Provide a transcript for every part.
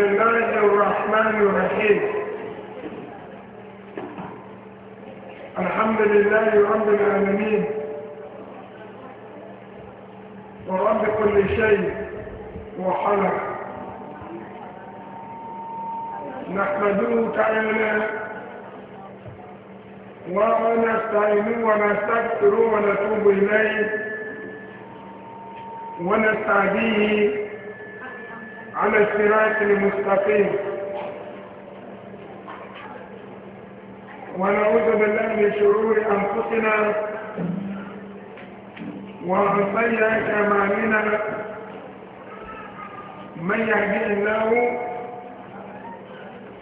بسم الله الرحمن الرحيم الحمد لله رب العالمين ورب كل شيء وحلق نحمده تعالى ونستعين ونستغفر ونتوب اليه ونستهديه على الصراط المستقيم ونعوذ بالله من شرور أنفسنا ومن سيئات أعمالنا من يهدي الله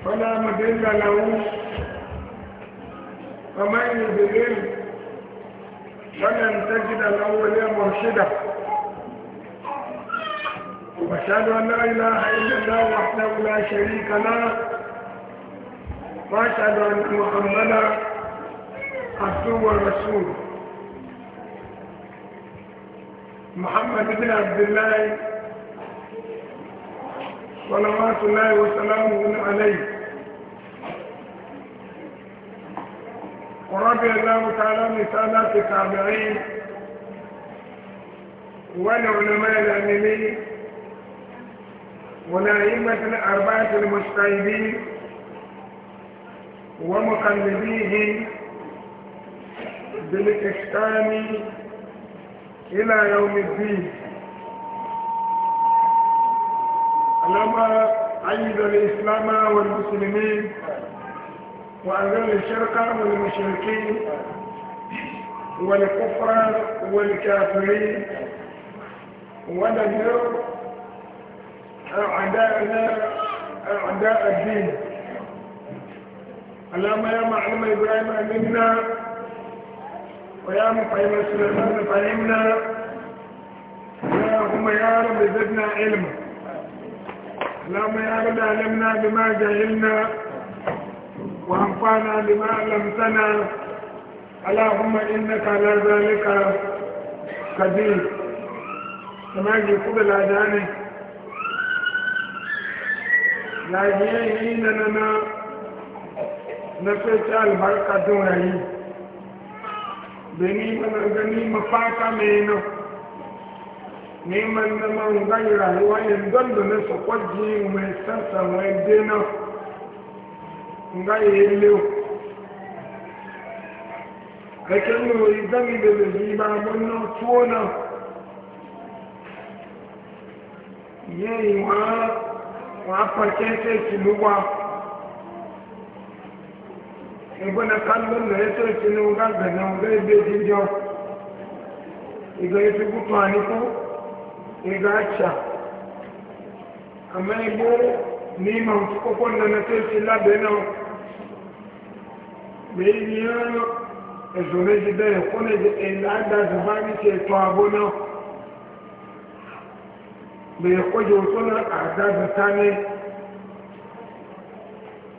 فلا مضل له ومن يضلل فلن تجد له وليا مرشدا وأشهد أن لا إله إلا الله وحده لا شريك له وأشهد أن محمدا عبده ورسوله محمد بن عبد الله صلوات الله وسلامه عليه ورضي الله تعالى من سادات التابعين والعلماء الامنين ونعيمة الأربعة المجتهدين ومقلديهم بالإحسان إلى يوم الدين لما أيد الإسلام والمسلمين وأذل الشرك والمشركين والكفر والكافرين ودمر أعداءنا أعداء الدين اللهم يا معلم إبراهيم أمنا ويا مقيم سليمان فهمنا اللهم يا رب زدنا علما اللهم يا رب علمنا بما جهلنا وانفعنا بما علمتنا اللهم انك على ذلك قدير كما يقول الاذان lahiya yi na na na na fece albarka don rayu beni mana gani mafaka mai nan neman na man gani rayuwa yin don da na sakwaji mai sassa mai dena gani yin lewu kakin nuri gani da zai ba wannan tuwo nan yayi wa wọ́n á pọ̀ ṣẹ́ṣẹ́ ìṣìlú wa ìbọn ẹ̀ka lónà ètò ìṣìlú gbàgbẹ̀ náà lé ibi ìdíjọ ìgbà ìfikútù àníkú ìgbà àṣà àmọ́ igbó ní ìmọ̀ kókó nana tó labe lábẹ́ náà lèyí ni ẹ̀sùn méjì bẹ́ẹ̀ kó lè ẹ̀dá àgbà zùbá ní ti mai kwaje wasu na adabi ta ne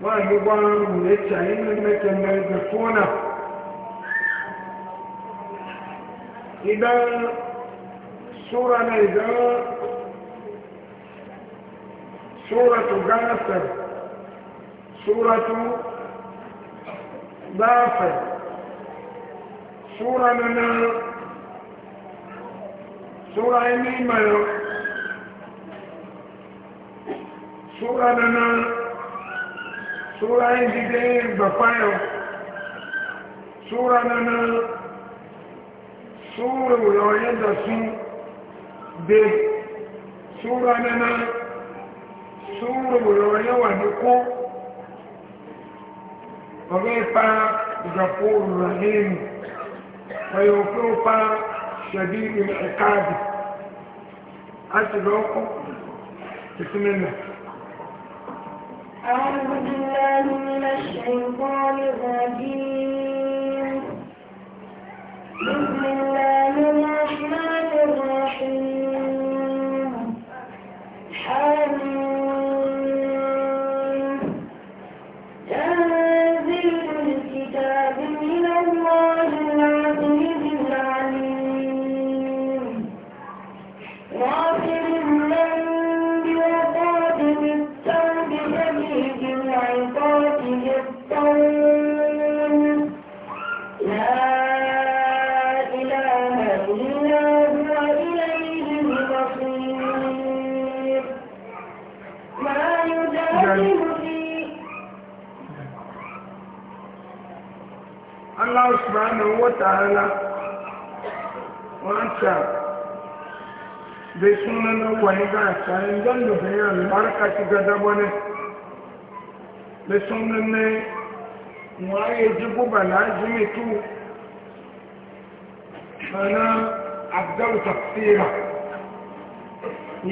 wa yi gwanon ya cayi na nake mai da tona idan sura na idan suratu ganasar suratu zafar sura na na sura yi mai sura nana sura yin dide gbafayo sura nana sura yoyin da su de sura nana sura yoyin wa duku ọgẹ́pa ìgbàfóòrò rahim ọyọ̀fóòpá ṣẹ̀bí ìrìn ẹ̀káàbì àti lọ́kọ̀ ìsinmi أعوذ بالله من الشيطان بسم الله Allah subhanahu wa ta'ala wanta bai suna na wani gasa yin don da bai albarka ci gada wani bai suna ne waye ji guba na jimitu mana abdal tafsira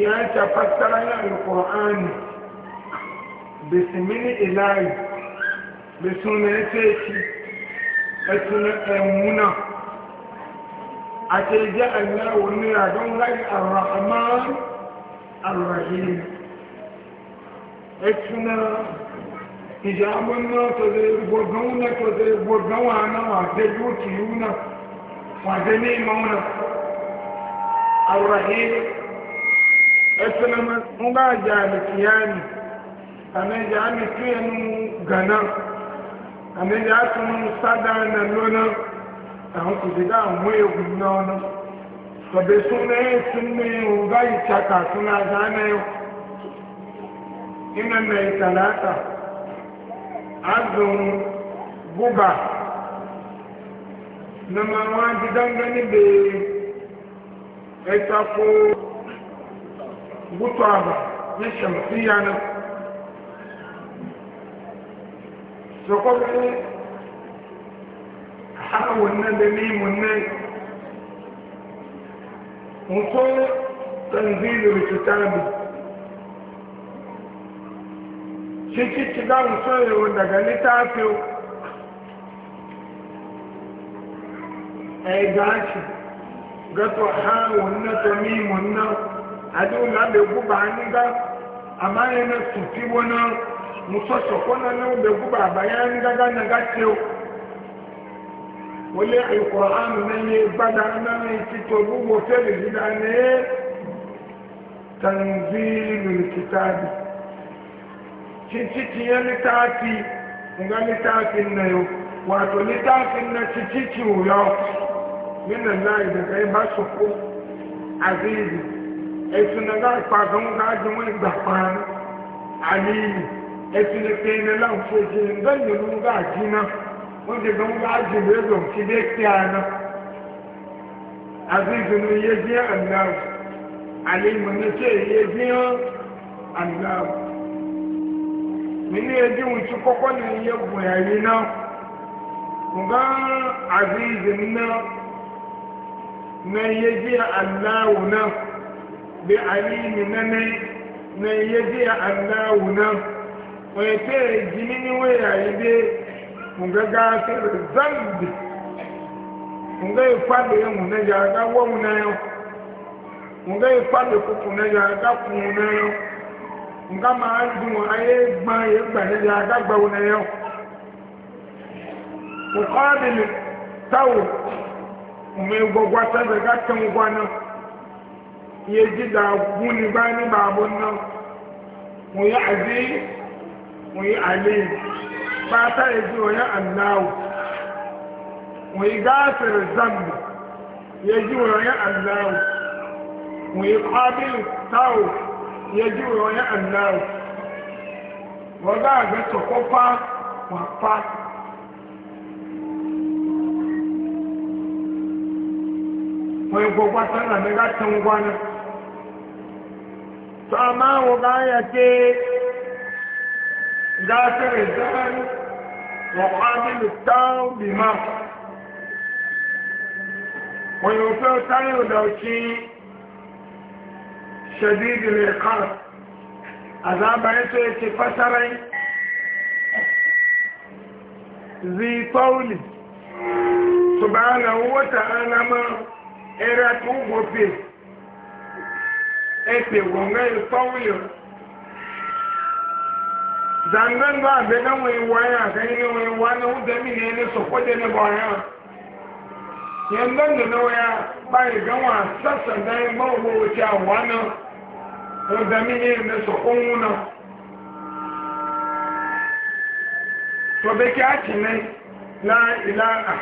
ya ta fassara yin alkur'ani bisimini ilahi bai suna ẹtúnú ẹ̀múnà àti ìjẹ́ ẹ̀lẹ́ òní àdúnláì àràmán àràhìn ẹtúnú ìjẹ́ amúnà tọ́lẹ̀ gbogbo náà tọ́lẹ̀ gbogbo wọn náà àti yóò kì í náà wọ́n àti ní ìmọ̀ náà àràhìn ẹtúnú mú bá jẹ́ àmì kìíyàní àmì jẹ́ àmì kìíyàní gànáà àmì na tún sádà nà lónà àwọn kùdìgá àwọn ewu náà nà tọ̀bẹ̀ súnmẹ́ súnmẹ́ na ìtsaka súnmẹ́ àgbà náà yọ iná nà na azùn gúbà nàmà wọn dídáńgá níbi ẹ̀ta gútó àbà ní sàmùsíyà náà. sọkọ́ pé àwọn náà lè ní ìmọ̀ náà ń tó tanzilu kitabi títí tí dáhùn daga littafin ẹ̀gáàkì gẹ́tọ̀ àwọn nẹ́tọ̀ ní ìmọ̀ náà adúgbà lè gúbà nígbà àmáyẹ̀ náà tù tí musoso kona na ube guba bayan gaga na gace wale alquran na ne bada na ne tito gubo fere gida ne tanzilul kitabi ciciti ya litafi nga litafin na yau wato litafin na ciciti wuyo min Allah da kai ba su azizi ai sunan ga kwakan ga jimin da fara aliyu ẹtìlẹ pẹ̀lú láǹfọ̀jì ńgbẹ́ ìlú ńgá àjínà wọ́n ti gbọ́n ńgá àjínà ẹ̀dọ̀ ti dé kí àná àzíjùnú yé jẹ́ ànáwó àlèmọ̀nẹ́tẹ̀ yé jẹ́ ànáwó nínú ẹdínwó tí kọ́kọ́ ní iye gùn ẹ̀rí náà ńgá àzíjùnú náà na iye jẹ́ ànáwó náà bí àlèmọ̀nẹ́tẹ̀ na iye jẹ́ ànáwó náà. wete jimini waya yide nga gasar zambi nga yi fadi yin muna ya ga yau kuku na ya ga na yau nga ma ajin wa ya na ya gba na yau muqabil tawu ume gogwa ta da ga ji da guni ba nan mu ya azi wọ́n yí alim fata ẹ̀jú wọ́n yá aláwọ̀ wọ́n yí gáàsìrì zambi yẹjú wọ́n yá aláwọ̀ wọ́n yí kábílì táwò yẹjú wọ́n yá aláwọ̀ wọ́n gáàgbé tọ̀kọ́ pa wà pa wọ́n yí gbogbo sánà nígbà tó gbọ́nà. Sọ ma wo gáyà kéé ذاكر الزمن وقابل التام بما ويوفي تايو دوشي شديد الإيقاظ عذاب يسو يتفسرين ذي قول سبحانه وتعالى ما إراتوه فيه إيه قول zangan ba be na wai waya ga ni wai wani wuda mi ne ne so ko de ne ba ya yandan da na waya ba ga wa sassa da ba wo wuce a na wuda mi ne ne so ko wuna to be ki ati ne la ilaha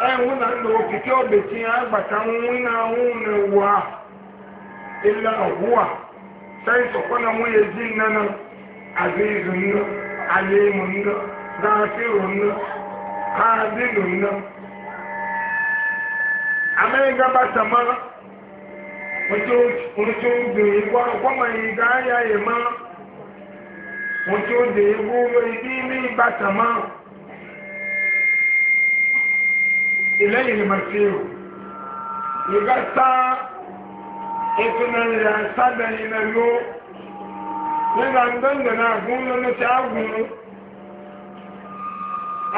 ai e wuna do ki to be ti agba kan wuna wuna wa illa huwa sai so ko na mu ye jin nan azizun alimun zafirun kadidun amẹ́ríkà bá sàmọ́ wọ́n tí ó dè igbó akọ́mọ̀ ìgbà ayá ìmọ́ wọ́n ó dè igbó ibi ní ìgbà ìlẹ́yìn ni màtíò ìgbà sá ètò náà sábẹ̀ ilẹ̀ nígbà gbẹ́ngbẹ̀ náà gún na tí a gùn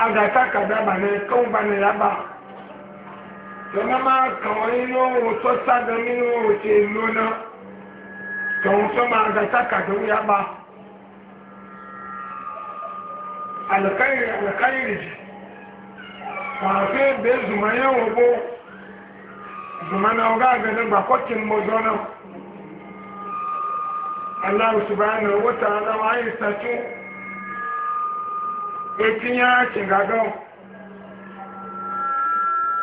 agàtà na ní kọ́ńbà ya ba tọ́lá máa kàn wọ́n nínú ohun tó sága nínú ohun tí èlò náà tọ̀hún tó máa agàtà kàdà ní yaba alùkáyìrì alùkáyìrì jì pàṣẹ bẹ́ẹ̀ Allahu subhanahu wa ta'ala wa yi sato etin ya shiga gan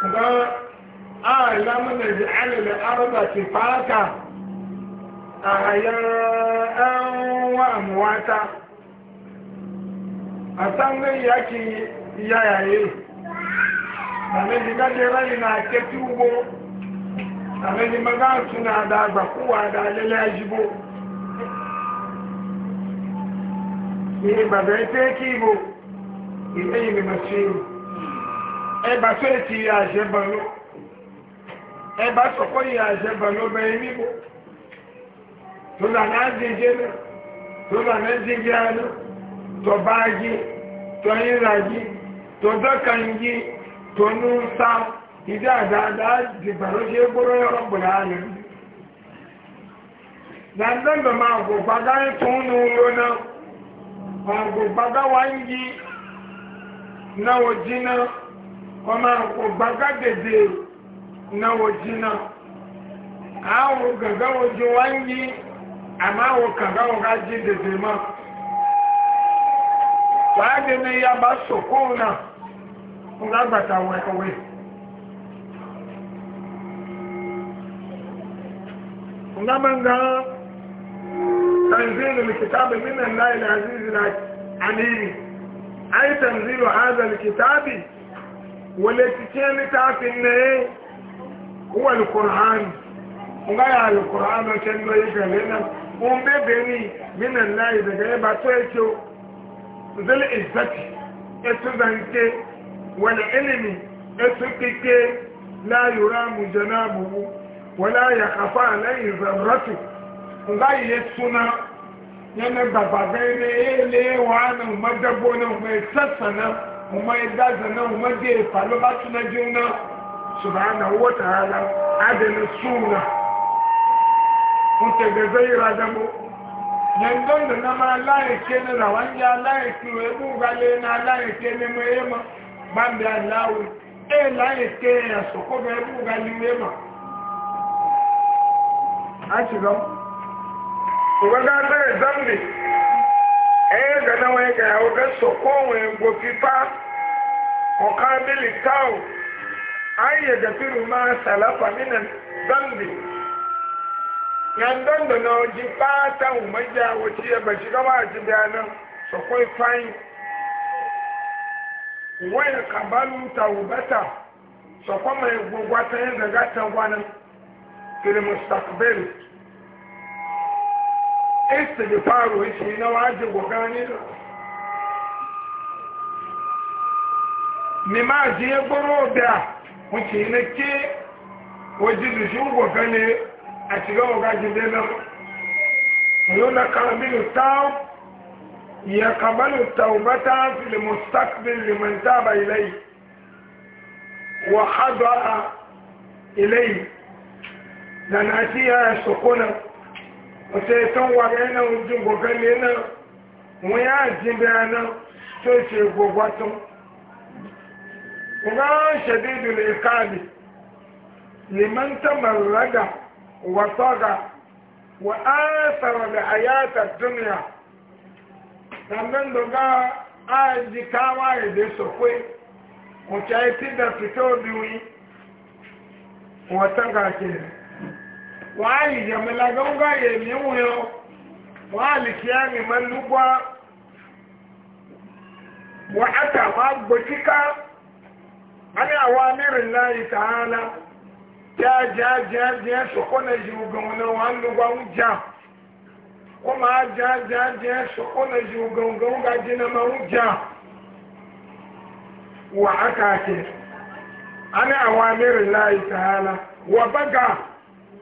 ga a ji da ji'alil arda sifata a hayyan wa amwata a san zai yaki yayaye sami jiga rari na ke tubo sami maza suna da bakuwa da lalajibo ìgbàgbọ́ ẹ̀tẹ́ kí ìbò ìgbẹ́yìn mímọ̀ sí ìrù ẹbà tó ètì ìyà àṣẹ́bà ló ẹbà sọ̀kọ́ ìyà àṣẹ́bà ló bẹ̀rẹ̀ na tó lànà àjíjẹ́ náà tó lànà àjíjẹ́ àná tó bá jí tó yíra jí tó dọ́kàn jí tó nú sá ìdí àdáadáa dìgbà ló wọn gbàgbà wá ń yí náwó jiná ọmọ gbàgbà dèdè náwó jiná àwọn gàgà ojú wá ń yí àmọ́ àwọn kàgà jí dèdè mọ́ wàá ní yaba sòkóò náà wọn gbàgbàtà wẹ̀wẹ̀. تنزيل الكتاب من الله العزيز العليم أي تنزيل هذا الكتاب والتي كانت تعرفين هو القرآن وغير القرآن وكان لا يجعلنا ومبيني من الله إذا جايبا تويتو ذي الإزة إتزنك والعلم إتكك لا يرام جنابه ولا يخفى عليه ذرته nga ye suna yana gbagba bɛyɛ ele waa na uma dabo na uma sasa na uma daza na uma de palo ba tuna jiw na subhana wa ta'ala adana suna kuntɛ gaza yira dabo yan don da na ma alaye kene na wani alaye kiri ebu gale na alaye kene ma ye ma ban bi alawe e laye kene ya soko bɛ ṣùgbọ́n ká bẹ́ẹ̀ zambi ẹ̀yẹ́ gana wọn yẹ kẹ́yà wọ́n kẹ́ sọ̀kọ́ wọn gbò fífa ọ̀ká bílí táwọn ayé gàfírù máa sàlápà nínú zambi yàn dọ́ndọ̀ náà jí pátá wọn mẹ́jà wọ́n ti yẹ bàtí ká máa ti bẹ́ẹ̀ náà sọ̀kọ́ ìfáyín wọ́n yẹ kàbálù tàwọn bẹ́tà sọ̀kọ́ mẹ́ gbogbo àtẹ́yẹ́ gàgà tàwọn kiri mustakbel. استغفاره شيء نواجه وكاني مما جي برودا وشي نكي وجد شو وكاني أشياء وكاني دينا ويونا كامل التوب يقبل التوبة في المستقبل لمن تاب إليه وحضر إليه لأن أشياء ọ̀sẹ̀ ìtàn wà rẹ̀ náà ojú na lé náà wọ́n yá àjíǹbẹ̀rẹ̀ náà tó ṣe gbogbo na Ìgbà ṣẹ̀dí ìdùnnú ìkáàlì lè wa ń tẹ̀mọ̀ rádà wà tọ́ra wà á sọ̀rọ̀ lè àyàtà dúnìyà. Tàbí ndògá áàjì káwá èdè sọ̀kwé ọ̀kẹ́ tí dà fìtó obìnrin wọ́n tọ́ra kiri. wa ìyàmẹ́lá yi yèmí ń wọ́n wàá lìkí ẹni mẹ́lúgbà wọ́n àtà máa gbòtíká wọ́n àwọn amírìnlá ìtàhánà jájájájá sọ̀kọ́ na yìí ogun wọn wọ́n lùgbà ń jà wọ́n máa jájájá sọ̀kọ́ na yìí ogun wọn wa aka wọ́n àtà kẹ́ wọ́n àwọn bá gà.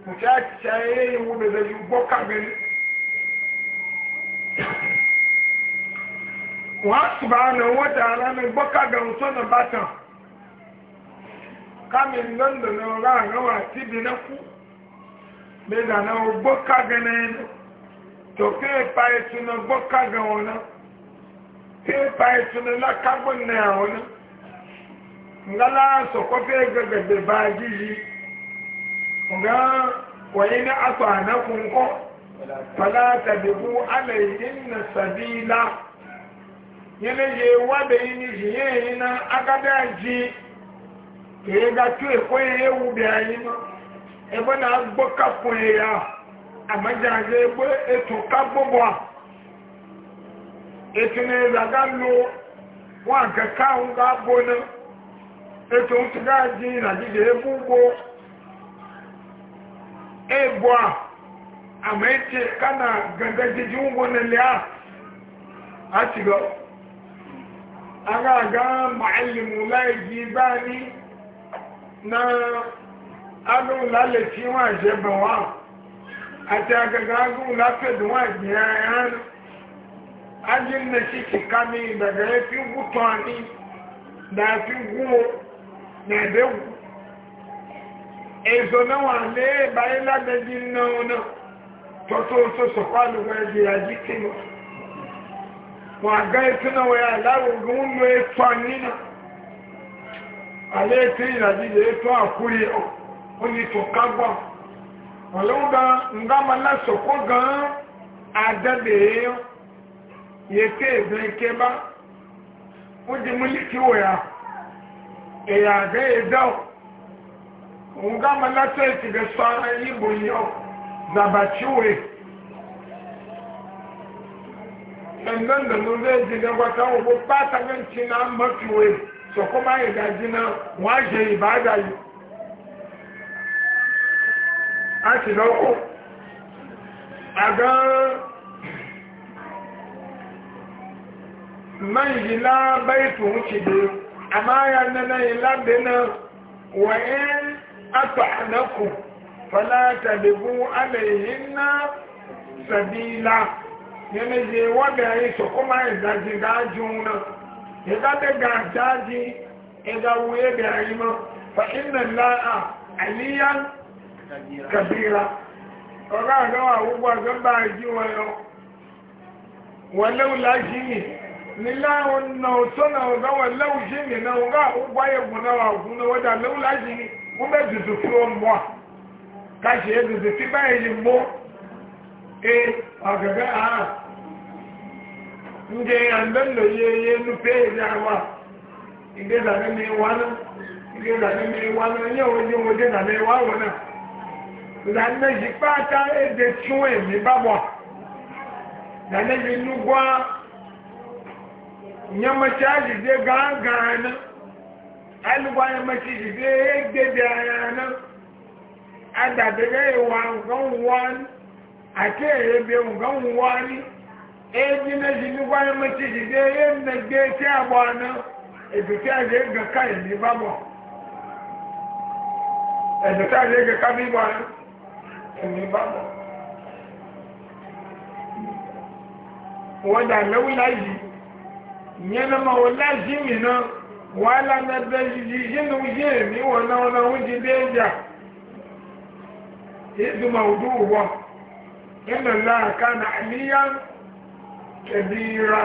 mucha chaye yu beza yu boka gani wa subhanahu wa ta'ala mai boka ga mutum na batan kamin nan da na ra ga wa tibi na ku me da na boka ga na to ke pa etu na boka ga wona ke pa etu na la kagbon na wona ngala so fe ga ga de ba ji وإن أطعنكم فلا تبقوا عليهن سبيلا yẹnẹyẹ wádìí ní ìyẹn yìí ná agadá jí èyí ga tó èkó yẹn wù bí ayé mọ ẹgbẹ́ náà gbọ́ na yẹn yá àmọ́jáde ẹgbẹ́ ètò kágbọ́bọ̀ ètò ní ìlàgá lo wọn àkẹ́kẹ́ àwọn gbà náà ètò ń tún gáà ebua ame eche kana gagajiji ngwo na liya a shiga aga ga ga ma'allimu laiji ba na agun lalaci wa jebe wa a ti agaga agun lafi da wa biya yana ajin na shi kami daga efi fi ani na ebe èso náà wà lé na lábẹ́jì náà náà tọ́tọ́ tó sọ̀kọ́ àlùwọ̀ ẹ̀jẹ̀ àjí kìlọ̀ wọn àgá ètò náà wẹ̀ aláwòrán ń lo ètò àyínà àlẹ́ ètò ìrìnàjì lè ètò àkúrí ọ̀ ó ní tò kágbọ́ nga malata ekiga sara ya na bachiwe sannan da ji na wata ubu bata gan cina mafiwe kuma ya gaji na waje ibada yi a ti lọ́kọ́ a man yi la baitu wuce da amma yi labe na wa'in أطعنكم فلا تبغوا عليهن سبيلا yẹnìyẹ wọ́bẹ̀ a sọ̀kọ́mà ìdájì dájú náà ìdádẹ́gà dájí ìdáwó ẹbẹ̀ ayé mọ́ fa iná láà àníyá àgbà àwúgbà wọn yọ wọ́n lẹ́wù lájí mi níláwọn náà sọ́nà ọ̀gá wọ́n lẹ́wù jí mi náà wọ́n gá àwúgbà na náà wọ́n dà lẹ́wù lájí mi wọ́n bẹ́ dùdù fi ó mọ́ káṣe é dùdù fi báyìí e ọ̀gẹ̀gẹ̀ àá ndị àndọ́ndọ̀ yẹ yẹ nufẹ́ ìrìn àwa ìgbésà ní mi wá náà ìgbésà ní mi wá náà yẹ wọ́n yẹ wọ́n dé nà mi wá wọ́n náà ìlànà alùpàá yẹn mọ̀tì ìdílé gbèdé ara náà adàbẹ̀rẹ̀ ìwà nǹkan wọ́n àti èrèbẹ̀ nǹkan wọ́n ní èyí náà sì ní wáyé mọ̀tì ìdílé yẹn nà gbé tí a bọ̀ àná ètò tí a lè wàhálà nàbẹ yìí yínú yìí ní wọn náà wọn náà wọn ti dé ìjà ìdù màwùdù wọ ìnà láàká nà àníyá kẹbí ra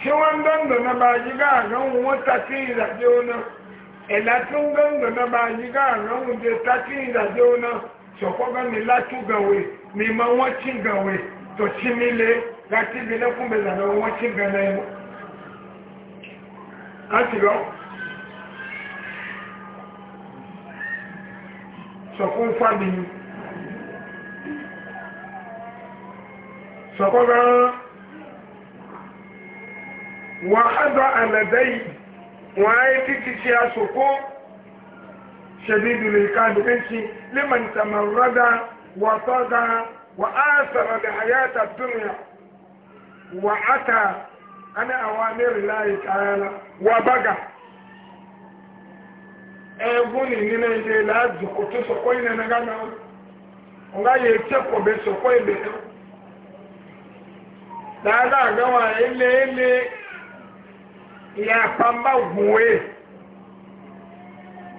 ṣé wọn dọ́ndọ̀ náà bá yí gáàgán wọn tàkì ìdàdé ọ̀nà ẹ̀là tún dọ́ndọ̀ náà bá yí gáàgán wọn jẹ tàkì ìdàdé ọ̀nà sọ̀kọ́gán ní látú gàwé láti lọ sọ̀kún fábìlì sọ̀kún gan wà ádọ́ àlẹ́dẹ́ yìí wọ́n á yẹ títí ṣe àsòkó ṣẹ̀bí ìdùnnú ìka àdúgbò ṣe lẹ́mọ̀n tàmàrọ́dà wà tọ́gà wà á sọ̀rọ̀ dẹ̀ àyà àtàtúnyà wà á ta. ane awa ne riri anyị tara ya la wabaga e wu ni nyina ire na soko ị na na-agbanwe ọ ga-eche kpọmpe soko ị na na-adọta dada aga ya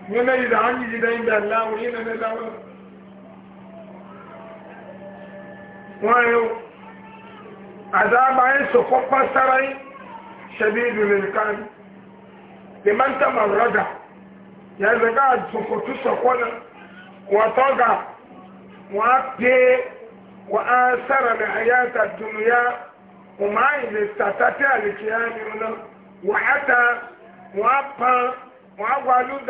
nyina ire anyị ire ịga na-agbanwe ị na na-adọta mwanyi a zaaba anyị soko kpasara ị. شديد الإمكان لمن تمرد يعني قاعد سقوط سقونا وطغى وأبدي وآثر الحياة الدنيا وما يستطيع الكيان وحتى وأبقى وأولد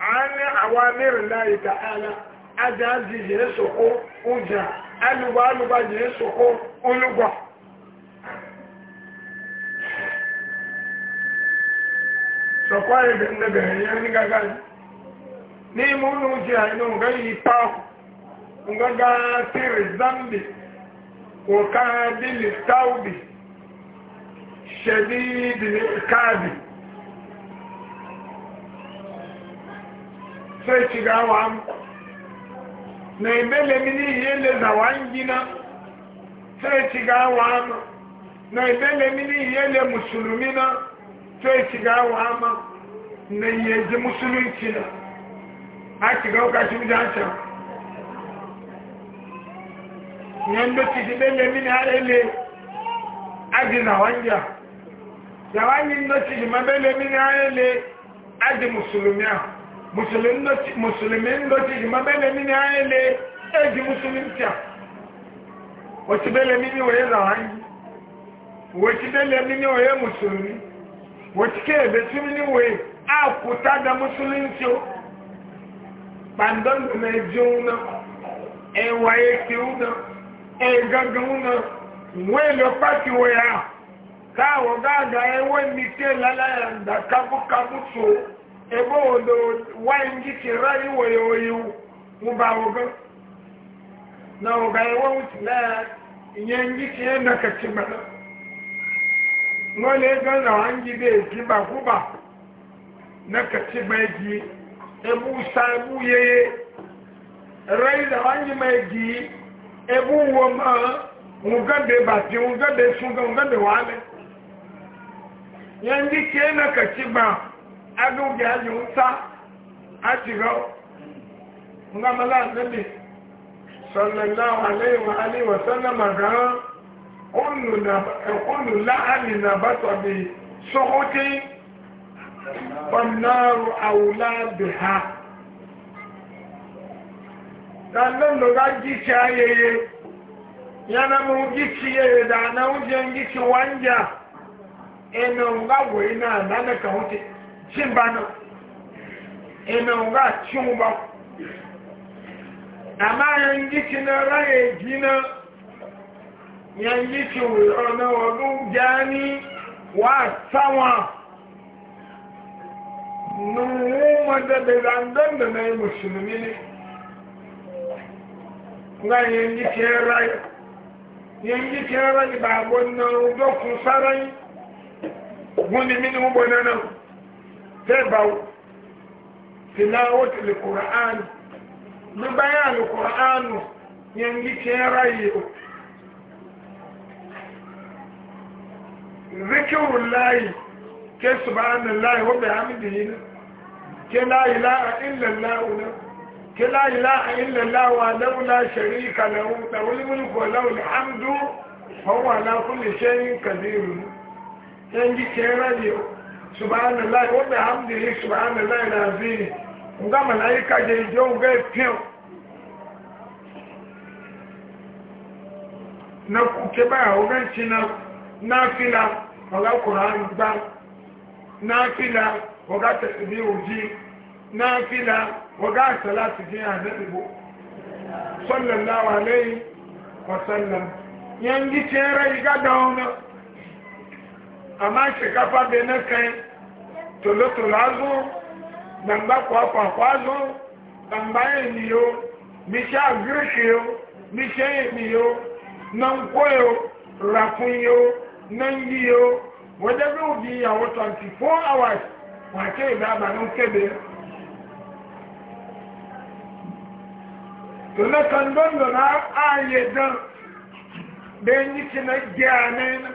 عن أوامر الله تعالى أجازي يسقو أجا ألوى ألوى يسقو ألوى kwaye bi nda be ya ni ga ga ni mu nu ji ha no ga nga ga tir zambi o ka bi li taubi shadid li kadi sai ci ga wa na ibele mi ni ye le za wa ngina sai ci ga wa na ibele mi ni ye le musulmina sai ci ga ama. na iya ji musulunci na a shiga wakashin wujancan yadda ci ji ɗaya mini a ele adị na wanja da wani na ji ma mabele mini a ele adị musulmiya musulmin na ci ji ma mabele mini a ele aji e musulmiya Otu bele mini wee da wani wacce bele mini wee musulumi. wacce ke ebe su mini a kuta da musulunci bandon da na eji ụna e waye ki una e gaga na wai lo pati waya ka ọ gaga aga e wai mi ke lalaya da kabu kabu so ebe bo odo wai rari ti rai wayo na ọ ga e wo ti la ìyẹn ngi ti e na ka ti na wa ngi be ki ba ba na kace mai gi ebu sa ebu yeye rai da wanyi mai gi ebu wo ma ba ti ke na kace ba adu ga a tiga nga mala sallallahu alaihi wa alihi wa sallam ga kullu na kullu la'ani na batwa والنار أولى ha sannan da gici ayeye yana mu gici yeye da na wujen gici wanja ina nga goyi na nana ka wuce cin na ina cin ba amma yan gici na raye gina yan gici wuri na wadu jani wa sawa nuhu wanda bai zangon da na yi musulmi ne nga yengi teeray yengi teeray ba bonna do ku saray gundi min mu bonana te baw tilawat alquran mi bayan alquran yengi zikiru zikrullah ke subhanallahi wa bihamdihi na ke la ilaha illa allah na ke la ilaha illa allah wa la sharika lahu lahu mulku wa lahu alhamdu wa huwa ala kulli shay'in qadir yanji ke radio subhanallahi wa bihamdihi subhanallahi alazim nga malaika je jo nga pio na kuke ba ogan china na fila ọ̀gá kùnrin gbá náàfílà ọ̀gá tẹ̀sìmí òjì náàfílà ọ̀gá àṣàlá ti dín àdẹ́bìbò sọ́lọ̀láwà lẹ́yìn ọ̀sánlá yẹn gí tí ẹrẹ yìí gádà ọ̀nà àmá ṣèkáfà bẹ̀ẹ́nẹ́ kan tòlótòló azú gbàngbà pàápàá azú gbàngbà ènìyàn níṣẹ́ àgíríkì yóò níṣẹ́ ènìyàn náà ń kó yóò e ràfún yóò náà ń yí yóò wọ́n jẹ́ pé òbí àwọn twenty four hours wọ́n á ké ìgbà àgbàdo ń kéde. tòlẹ́ kan lọ́nà náà ààyè dán bẹ́ẹ̀ ní kí náà jẹ́ àná iná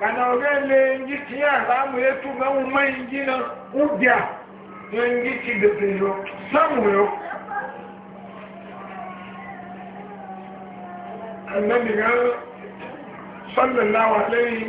kana ọ̀rẹ́ lè ní kí àrámù ètò mẹ́wọ̀n mẹ́yìn jìnà ó bíà ní ní kí bèbè yọ sáàmù yọ ẹ̀mẹ́mìíràn sọ́lẹ̀láwà lẹ́yìn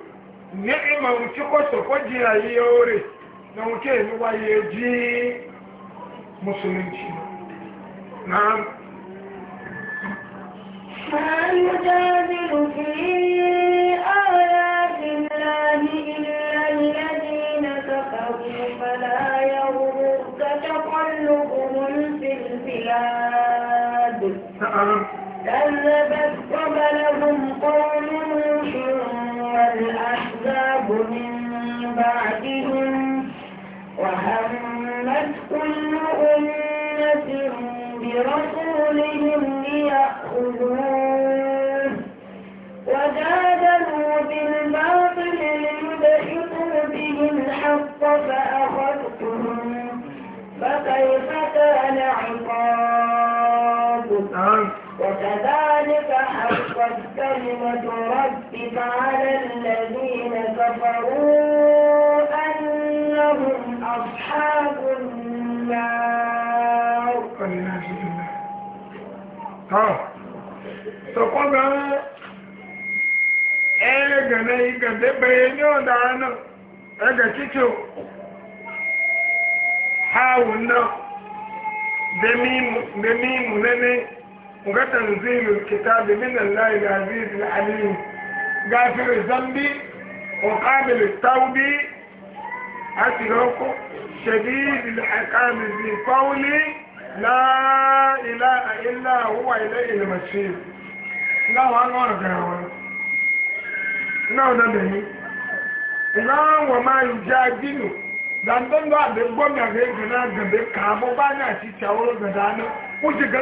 ni'ima wuce kwaso kwaji ya yi yore na wuce yi waye ji musulunci na كلمة ربك على الذين كفروا أنهم أصحاب النار sọ̀kọ́gbà ẹgbẹ̀ na igẹ̀dẹ̀ bẹ̀yẹ̀ ní ọ̀dá ọ̀nà ẹgbẹ̀ títò ha wùn náà bẹ̀mí mú ga tanzilul kitabi min Allah al-aziz al-alim gafir zambi wa qabil at-tawbi atiroko shadid al-iqam bi qawli la ilaha illa huwa ilayhi al-masir la wa gara gawa na da na wa ma da da gwamnati ga na gabe ka mu ba na ci tawo ga dana ku ji ga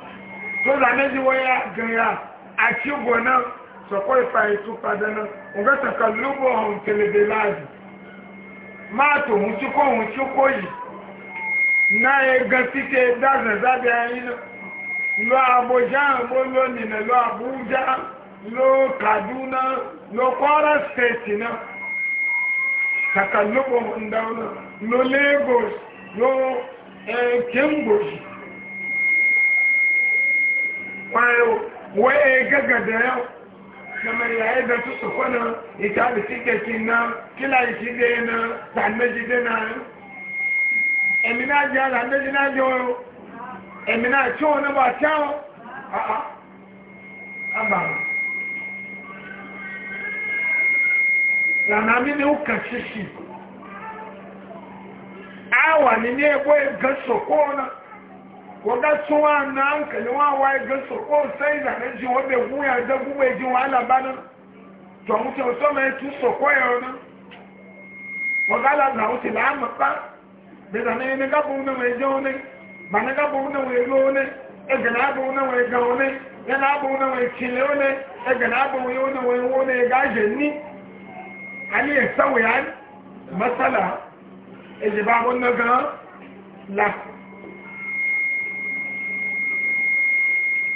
tó lànàjí wọ́yá gẹ̀yà àti ògbò náà sọ̀kọ́ ìfà ètò padà náà òǹgẹ́sẹ̀kọ̀ lóbò ọ̀hún tẹ̀lẹ̀dẹ̀ láàdì máa tò mú tí kò hùn tí kò yìí náà egan títẹ dáàzẹ̀ sábẹ́ ayín lọ àbójá àbó lónìí náà lọ àbújá lọ kàdúná lọ kwara stéètì náà kàkà lóbò lagos lọ kemgbosi. bayan wee gaga da yau kama yayi da su su kwana ita da shi ke na kila isi da yi na zanne shi da na emina ji a zanne na ji wani emina ci wani ba kyawo a a amma lana mini uka shi shi awa ni ne ebo e gaso sokona wọ́gá tún wá náà ń kẹ̀lé wọ́n wá ẹgbẹ́ sọ̀kọ́ sẹ́yìn lànàá jí wọ́n bẹ̀ gún yà dẹ́ gún wẹ̀ jí wọ́n alábá náà tọ̀hún tí ọ̀sọ́ mẹ́ tún sọ̀kọ́ ẹ̀rọ náà wọ́gá làbà ó ti láàmù pa bẹ̀rẹ̀ náà ẹni gábọ̀ náà wọ́n ẹjẹ́ wọn ní bàná gábọ̀ náà wọ́n wọn ní ẹgbẹ̀ náà náà wọ́n wọn ní yẹn náà náà ẹkìlẹ̀ wọn ní ẹgbẹ̀ náà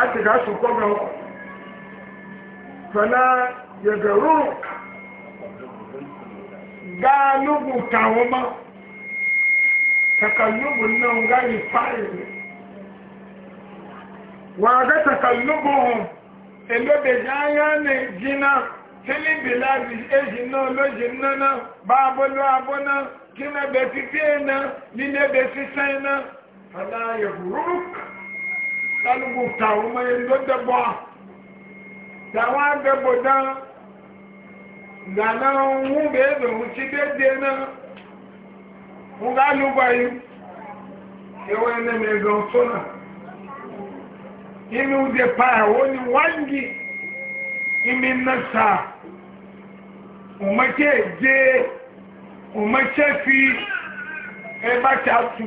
àti gáṣù kọ́mọ̀ fẹ́lá yẹ̀gẹ̀rú gáálùgbù tàwọn mọ́ takallùgbù náà gáyì fáìlì wà á gẹ́ takallùgbù hàn elóbejì ayá ní jìnnà tẹ́lẹ̀bìlá èjì náà lójì náà bá abọ́lú abọ́ náà kí náà bẹ̀ fífẹ́ náà nílẹ̀ fífẹ́ náà fẹ́lá yẹ̀gẹ̀rú kalugu kawo ma ye ndo debo tawa debo dan gana ŋu be be ŋu tsi de de na ŋu ka lugu ayi ewe ne me gan so na inu de pa wo ni wangi imi na sa umeke je umeke fi eba ta tu.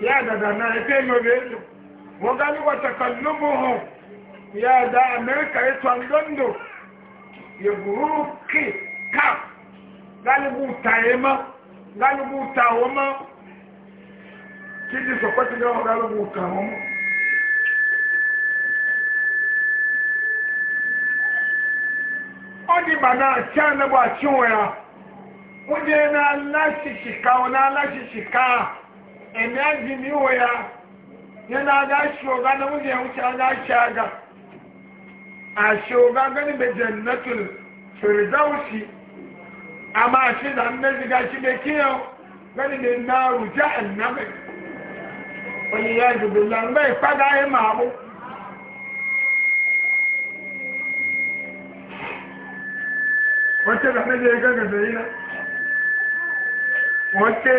ya dada naa efe enwebe elu bụ ọganikwatakwado ọgụgụ ha ya da amerika ịtọ ndọndọ ya buhuru krii kap n'ala igbo uta a ịma n'ala igbo uta ma iji sokwa tigara ọganikwata ọhụma ọ dị bano a achi anabu achi hụ ya ụdị n'ala shishi ka n'ala shishi ka a. ẹ̀mí àjìmí wò ya nínú adáṣe ọ̀gá na wọ́n yẹn wúṣẹ́ adáṣe àgà àṣẹ ọ̀gá gẹ́ni bẹ̀jẹ̀ nẹ́tùlù fèrè dáwùsì àmà àṣẹ ìdá mẹ́sìgá ṣe bẹ kí yẹn gẹ́ni bẹ̀ náà rùjá ẹ̀nàmẹ́ òyìnbó àjùbọ̀ làǹgbẹ́ ìpadà ẹ̀ máa bọ̀. wọ́n tẹ́ gàmẹ́jẹ̀ gẹ́gẹ́ bẹ̀rẹ̀ yìí náà wọ́n tẹ́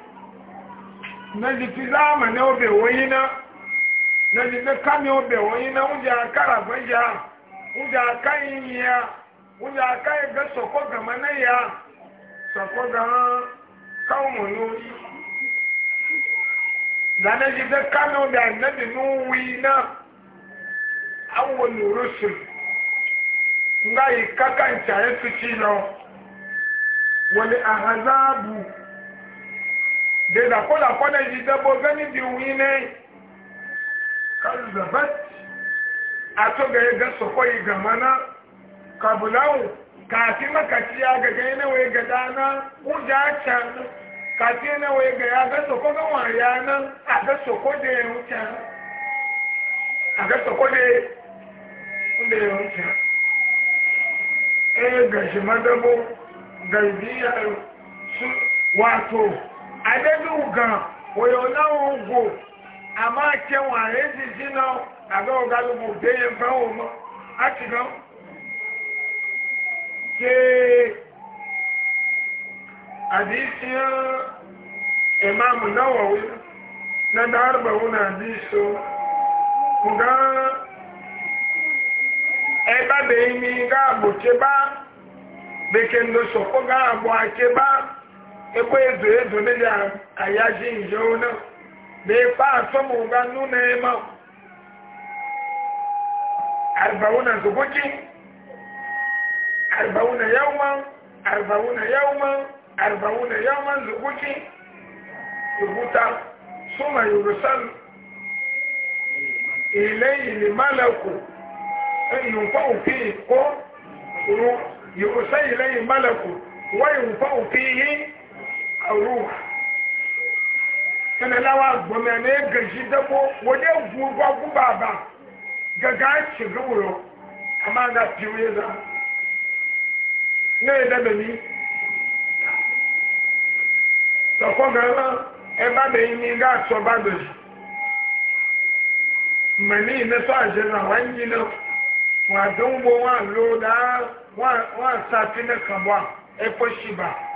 na jiti zama na obe wani na na jiti kami obe wani na wuje aka rafin ya wuje aka yi ya wuje aka yi ga soko gama na ya soko gama kawo yi da na jiti kami obe annabi nuwi na awon rusul nga yi kakan caye su ci lo wani ahazabu da kola kwada ji dabo gani bi wuyi ne kazzabat a to ga ya gasa kwayi ga mana kabulawu kafin makaci ya ga ga wai ga dana kuja can kafin na wai ga ya gasa ko ga wariya nan a gasa ko e da ya wuce a gasa ko da ya wuce eh gashi madabo gaibiya wato adẹ́dùn gan òyò náà ń gò àmọ́ àtẹ̀wọ̀n àrẹ́sì sínú àgbà ọ̀gá ló mọ̀ dé yẹn fẹ́ láti gan. ṣé àdìsí ìmáàmù náà wọ̀ wí náà dárúbà wọn àdìsí o gan ekwe ezu ezu ndị a ayaji njem na na-ekpe asọmụga nnu na-ema arbauna zubuki arbauna yauma arbauna yauma arbauna yauma zubuki rubuta suma yurusan ilayi ni malaku yunfa ofi ko yurusan ilayi malaku wa yunfa ofi yi ruwa tana lawa gbome ne gaji dabo wade guba guba ba gaga a gawuro amma na fiye za ne da ni ta ko gara e ba da yi ga so ba da shi mani na so a jira yi na wa don bo wa lo da wa sa fi na kan ba e ko shi ba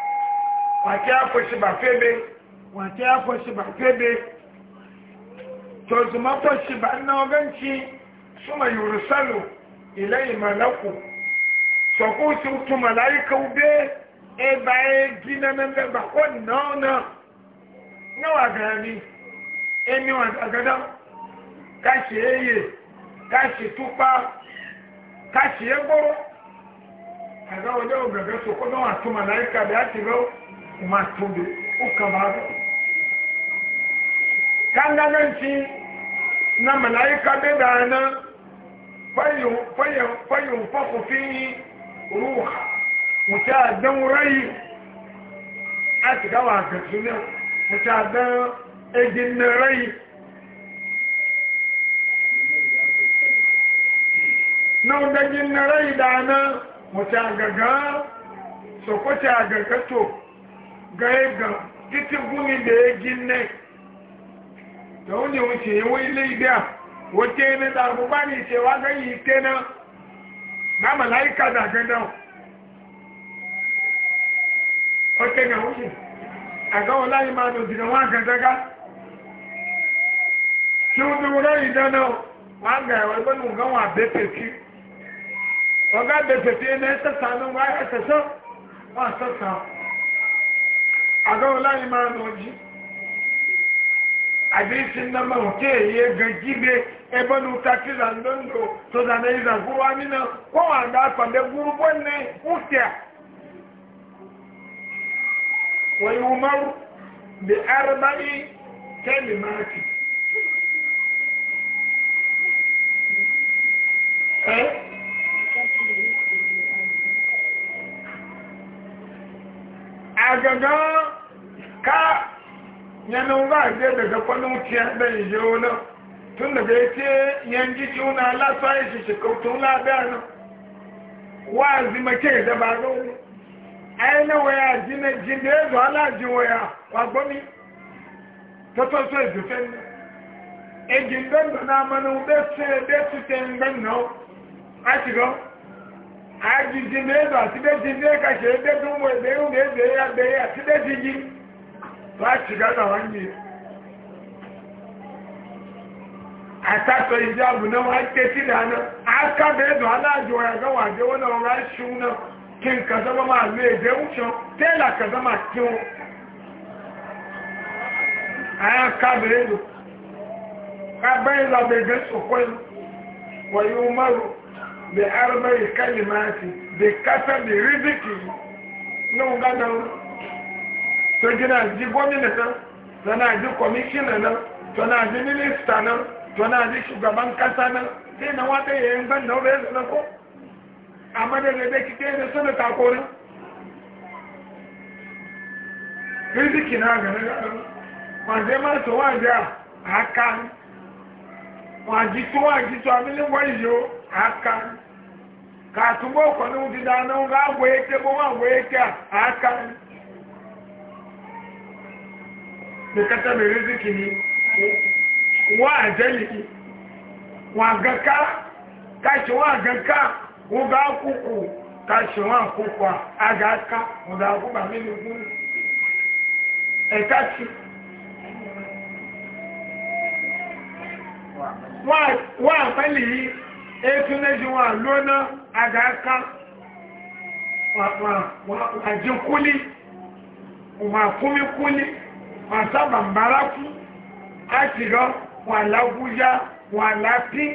wàtí àkọsí bà fẹ́bẹ̀ wàtí àkọsí bà fẹ́bẹ̀ tòzùmọ́ kọsí bà ń náà gẹ́ǹtì súnmọ̀ yorùsálò ilẹ̀ ìmọ̀lẹ́kù sọ̀kú sí túnmọ̀ láyíká ubé ẹgbà ẹgbì nẹ́nẹ́gbẹ́ bà kọ́ náà náà náà wà gàrà ni ẹni wà gàgàdá káṣí ẹyẹ káṣí túpá káṣí ẹgbọ́rọ́ àgbà wọlé ògàgà sọ̀kú náà wà túnmọ̀ láyíká bẹ́ẹ̀ àti rẹ́wọ́ kuma tudu uka ba kan ganganci na malaika bai da na fayin fakufi ruha mutaden rai a ti gawa ga sunan mutaden egin na rai na wadagin na rai da na mutagaga sokoci agaga to ga-ega títí gúnni lè jí nẹ́ tòun ni òun ṣèyí wọ́n ilé ìdí à ó tẹ́ ní dàgbò bá ní ìṣèwà gẹ́yìn ìtẹ́ náà gbàmà láyé kàdà gẹ́dọ̀ ó tẹ́ ní òun ṣe àgáwọ̀ láyé máa lò jìnnà wọn àgàdàgà tí ó dúró lẹ́yìn dáná wọn àgà agawala imanoji hadisin na mahoke ya gajibe ebe na utaki zandondo to zana yi zanguru amina kowa da akwade guru bonne ukiya wai umaru da arba'i kelimati eh agaga yanin ba zai daga kwanin wuce da yi tun daga ya ce yan jiki wuna lasa shi shikautun labiya nan wa zima ke da ba na waya ji jin e ala ji waya wa gomi ta to so e e ji fen e jin na se no a ti a ji ti be jin da ya be ya ti láti gádà wọ́n ní àtàtọ̀ ìjáàbù náà wọ́n tẹ́ sí ìdáná akábẹ́ẹ̀dọ̀ aláàjọ ẹ̀gá wà jẹ́ wọ́n náà wọ́n ṣún náà kí n kàzọ́mọ́ máa lé èdè ń ṣan tẹ́lá kàzọ́mọ́ tí wọ́n akábẹ́ẹ̀dọ̀ agbẹ́yìnlọ́bẹ̀gẹ́ sọ̀kọ́yìn wọ́n yóò márùn bẹ̀ arúgbẹ́yìn kálí máa ti bẹ̀ kátà bẹ̀ rídìkì náà gádà wọn tó jìnnà jí gómìnà náà tó náà jí kọmíṣínà náà tó náà jí mínísítà náà tó náà jí shugaban kasa náà dai na wata yayin ban na wurin na ko amma da da kike da suna takorin riziki na ga wanzai ma to wanzai a haka wanzi to wanzi to amilin wanzo a haka ka tumbo kwanu dida na ga gwaye te ko wa gwaye te a haka bukata mai riziki ni wa ajali wa gaka kashi wa gaka wuga kuku kashi wa kukwa aga aka wuga kuba mini guru ekachi wa apali etu neji wa lona aga aka wa ma wa kumikuli masa bambaraku atiro wọn laguya wọn lapi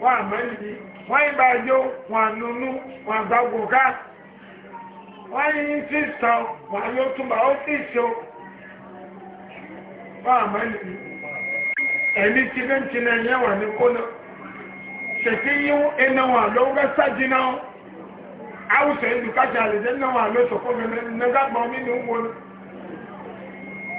wọn amandi wọn ibajo wọn nunu wọn gbagoka wọn yi sísan wọn yótúmọ ó sì so wọn amandi ẹni tìǹtìǹ ẹyẹ wọn ni kóná ṣètì yíwú ẹnà wọn lọwọ bẹ sájì náà awùsọ ẹdùkájà àlejò ẹnà wọn lọsọkọ mẹmẹ nígbàgbọ mi ni wọn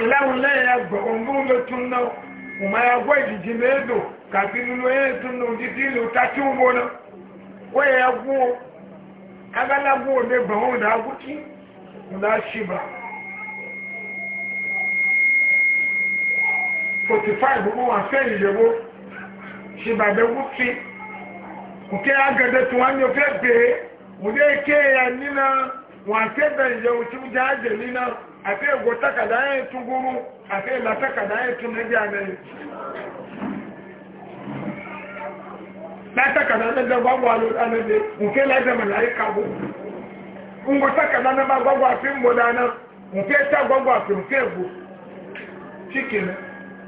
ìlànà lẹ́yìn ẹgbẹ̀rún gbúngbẹ̀ tún ya gbọ́ ìdíje méèdò kàbí nínú ẹ̀yìn tún náà títí ìlú tàkí wọn náà wọ́n yẹ gún o agálágún òde gbọ̀n òdà agútí òdà ṣìbà 45 gbogbo wọn fẹ́ ìyẹ̀wò ṣìbà bẹ́gútí òkè agẹ̀dẹ̀ tí wọ́n ní o fẹ́ bèé òde kéèyàn nínú wọn fẹ́ bẹ̀rẹ̀ ìyẹ̀wò tí ó jáde nínú afe go takada ya tu guru afe la takada ya tu nabi la takada na da gbagbo nke la da malaika bu na ba gbagbo afi mbo da na nke ta gbagbo afi nke bu chicken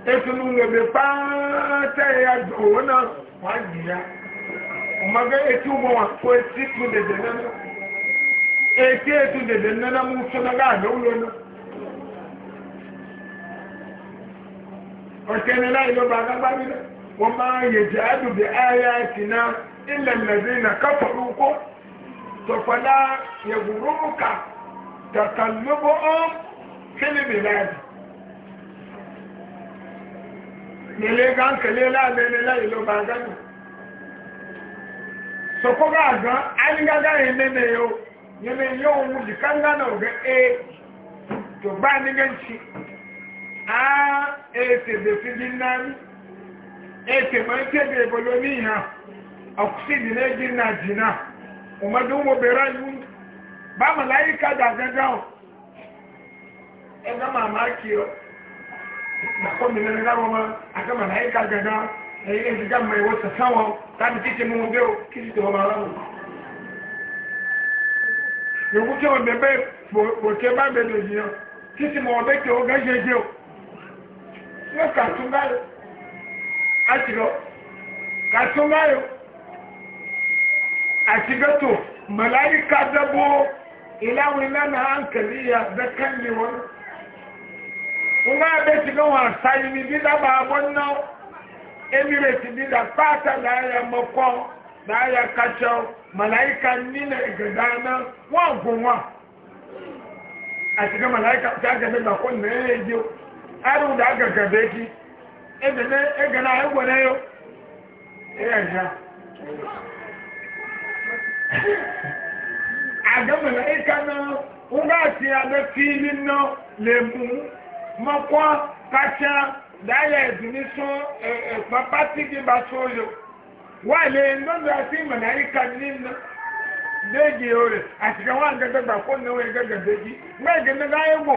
n'ụlọ ebe pata ya do na wa ya umaga etu mo wa ko etu de na etu etu dede de na mu na ga na ulo ọ̀kẹ́ni láì lọ́ba agbábí dị wọ́n máa yẹ jẹ́ àdùbẹ̀ ayé àti náà ilẹ̀ lẹ́dẹ̀ náà kápọ̀lù kó tọ̀pọ̀lá yẹ̀wùrúmùkà tàtàlóbó ọ́n fílìmì láàbì. nílé gánkẹ̀lé láàbẹ̀lẹ̀ láì lọ́ba agbábí. sọ̀kọ́gá àgbà yóò yẹn yóò náà gẹ́ ẹ́ tó bá nígẹ́ ń ṣe. a etebe fili nnani etebe etebe ebolo n'iha ọkụsidi na-eji jina ụmọdụ ụmụ bere anyị ba malaika da gaga o ẹgbẹ́ màmá kí o nàkọ́ mi lẹ́nu láwọn ọmọ àgbẹ́ malaika gaga ẹ̀yìn ẹ̀sìn ká mọ ìwọ sàtàn wọn láti títí mú o kí ti tọ́ ọmọ ní kàtúmbáyò àtìlọ kàtúmbáyò àtìgẹ́tò mọ̀láyíká dẹ́bọ́ ìláwìn lánàá àǹkẹ̀lì yà bẹ́kẹ́ ní wọn wọ́n máa bẹ́ ti gẹ́ wọn àṣáyé ní dídá bá abọ́ na aya dídá pátá aya mọ́kọ́ láyà ni na nínú na náà wọ́n gùn wọn àtìgẹ́ mọ̀láyíká tí a jẹ́ bẹ́ẹ̀ arụ da agagabe echi egana egwere yo ịyasha agamala ịka na ụga si abe fili nọ lebu makwa kacha daya ezuni so e, e, papa tigi ba so yo wale na ati mana ika nino deji ore asika wa ngagagba ko ne we gagagbe ji ngagagbe ga egbo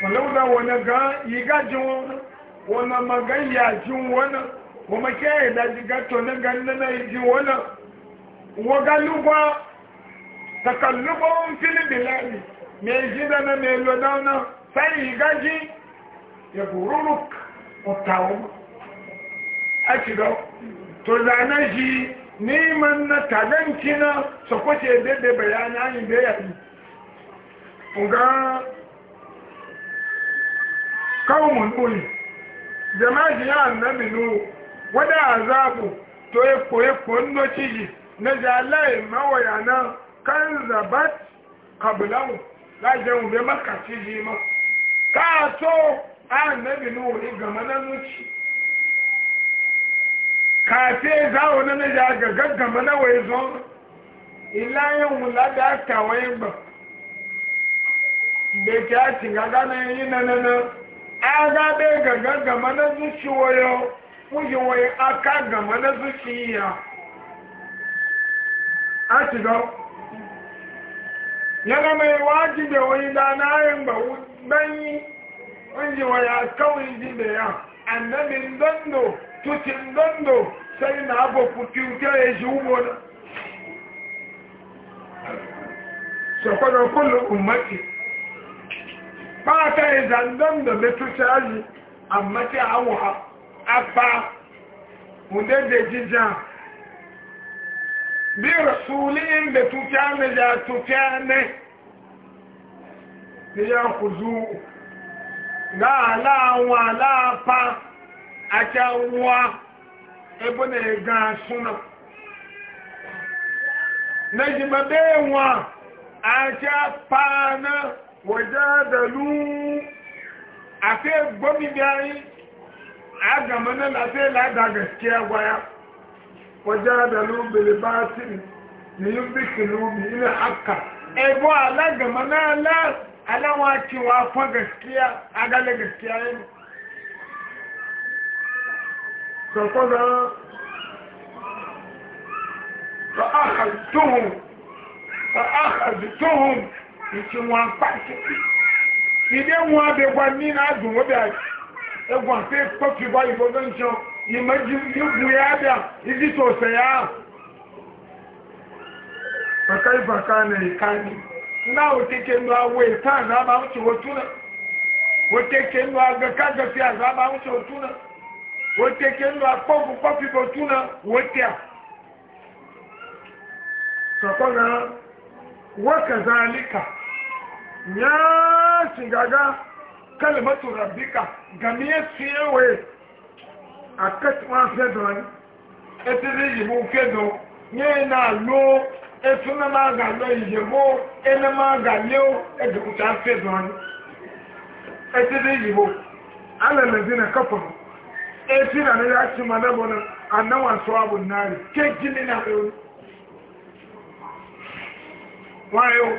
falauda wani ga yi gajin wani wani magan yajin wani kuma ke yi daji gato na ganna na yi ji wani wagaluba takallubon filin bilani mai ji da na mai lona na sai yi gaji ya bururuk otawo a cigo to zane ji neman na talentina su kwace daidai bayanan yi da yari kawo buli jama'i ya annabi nu wada azabu to epo epo nnochi yi na jalai mawaya na kan zabat kabilawu laje ube makaci ji ma ka to annabi nu igama na nuci kafe zawo na naja ga gaggama na wai zo ila yin wula da aka wai ba da ke a cin gaga na yi na na na aga dai gaga gama na zuci wayo mujin wayo aka gama na zuci ya a shiga yana mai waji da wani dana yin ba banyi mujin wayo kawai ji da ya annabin dando tutin dando sai na abu kuki ya shi ugbo na sakwada kullum umarci ba ta yi zanzan da metuci aji amma ti awon apa hunde da jijan bi rasulin da tuta ne da tuta ne ni ya kuzu ga alawa alapa a kyanwa ebe na ga suna na wajadalu afe gomi bayi a gama na lafe lada gaskiya gwaya wajadalu bilibatin ni yin bikilu ni ina haka ebo ala gama na ala ala wacewa fa gaskiya agala gaskiya yin sakwada fa akhadtuhum fa akhadtuhum nti wọn pàṣẹ ìdí wọn abẹ́gbà ní adùn wọ́n bẹ́ẹ̀ ẹgbà pé kọ́fì bá ìbò tó ń sọ ìmọ̀jú ìgbù yá bẹ́ẹ̀ ìdí tó sẹ̀ yá. Bàkà ìbàkà nà ìka ni. Nná o tètè nu awo ìta àná máa ń tì wọ́n tún náà. O tètè nu agaka gẹ̀fẹ̀ àná máa ń tì wọ́n tún náà. O tètè nu akpọ́nku kọ́fì bò tún náà wọ́n tẹ̀ à. Sọ̀kọ́ náà wọ́n kẹ̀ zan alíkà. ya shigaga kalimatu rabbika game fiyewe a kasuwa fedon etiri yiwu fedon nye na lo etu na ma ga lo iyewo ene ma ga leo ejukuta fedon etiri yiwu alalazi na kafin eti na ya ci malabonin annawan suwabun nari ke jini na ɗaya wayo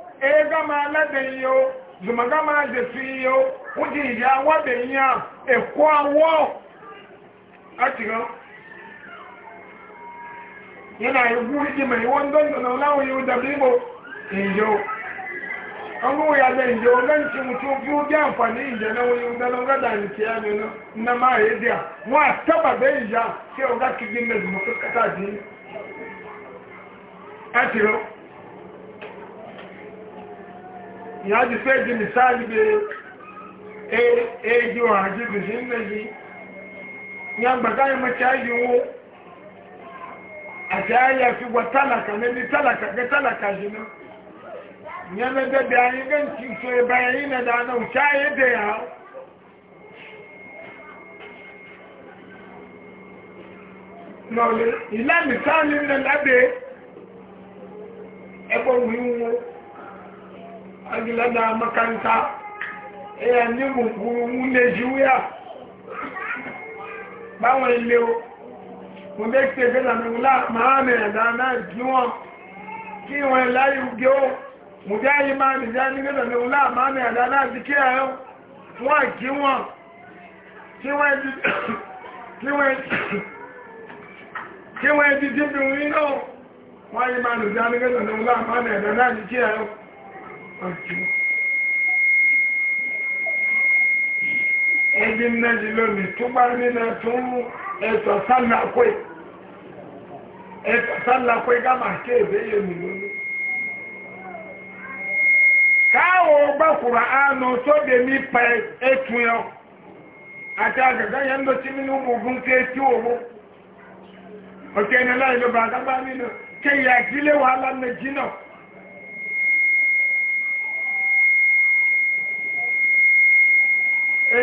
ega ma alabe yi o zumaga ma a yi o wọ́n ti ìdí awọ́ bẹ̀ yí à ẹ̀kọ́ awọ́ láti rán yẹn náà ìgbú ìdìmọ̀ ìwọ́n dọ́ndọ̀nà láwọn yóò dàbí ìbò ìjọ ọmọ ìyàgbẹ̀ ìjọ lẹ́ǹtì mutu bí amfani ije àǹfààní ìjẹ nke yóò dáná gádà ìtì ẹnu náà máa yé dí à wọ́n àtọ́bàbẹ́ ìjà tí ọ̀gá ìyájú fẹ́ di misali bere eéjú àjú bìsí ń lèyí ní agbàtà ìmọ̀ tí a yìí wó àti ayé fi wọ tálàkà níbi tálàkà gẹ́ tálàkà jù náà ní ẹlẹ́dẹ́ bí ayé gẹ́ ti so ẹ̀bá yìí nà dáná òkè ayé dè yà ó nọ̀lẹ̀ ìlà misali ń lè lábẹ́ ẹgbọ́n wíwú agila da makanta eya ni gunkuru wule juya báwọn ilé o mo bẹ́ ṣe gẹ́nà mi wúlá máa mẹ́rẹ̀ dáadáa jí wọn kí wọn láyé ugé o mo jẹ́ ayé máa nì já ní gẹ́nà mi wúlá máa mẹ́rẹ̀ dáadáa jí kí ẹ̀yọ́ wọ́n jí wọn kí wọ́n jí jí bí wọn náà wọ́n ayé máa nì já ní gẹ́nà mi wúlá máa mẹ́rẹ̀ dáadáa kí ẹ̀yọ́ ẹbí mẹ́jì lónìí tó bá rí na tó ń mú ẹ̀tọ̀ sálàkwé ẹ̀tọ̀ sálàkwé gámà ké èdè yẹmì lónìí káwọ̀ gbàkùrà ánù tó dé etu ya nínú gbogbo ké tí òwò ọ̀kẹ́ ni láì ló bá dábàá nínú kéyà ìdílé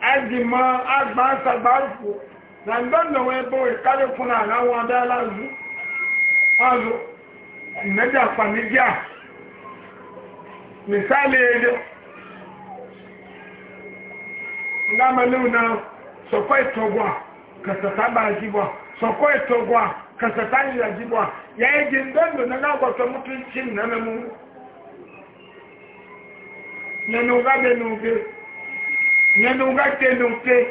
ajima agba asaba afọ na ndọndọ wee bụ ịkarị kwụna ala nwa dala azụ azụ mmeja famija misali edo nga malu na sọkọ ịtọgwa kasata ba ajibwa sọkọ ịtọgwa kasata yi ajibwa ya eji ndọndọ na ga-agwata mutu na na memu na n'ụga be n'oge nínú ga tẹnu tẹ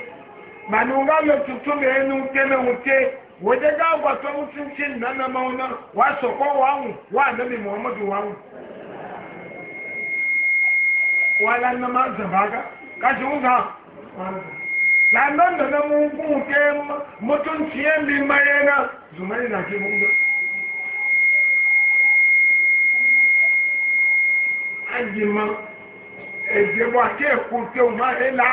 màánú ga lọ tuntun bẹ ẹnu tẹnu tẹ wòde ga gbàtọ mutunti nana ma wọn náà wà sọkọ wà hù wà ànábì muhammadu wà hù. wà á lànà má zàbàgà kàtí èdèmọ̀ àti èkó tí o máa rẹ̀ la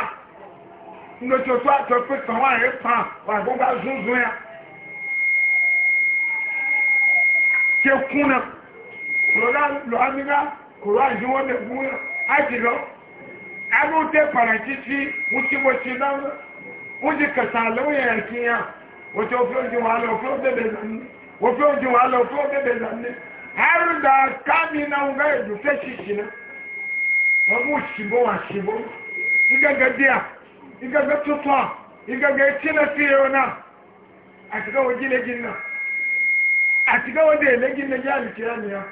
ńlọ́tí tó àtọ́ pé kàn wá rẹ̀ pa wà bó bá zúzún ya tí kún náà lọ́dá lọ́ amígá kòrò àjíwọ́n lè gún náà ájì lọ alóde pàràjì tí mo ti mo ti náà mo ti kẹsà lóye ẹ̀sìn ya mo ti òfin ojú wa lọ òfin òbèbè lànà òfin ojú wa lọ òfin òbèbè lànà àrùn dà kámi náà ń gbà èdè fẹ́ náà mamu shibo wa shibo igaga dia igaga tutwa igaga etina siyona atiga wajile jinna atiga wade leginna jali kiyani ya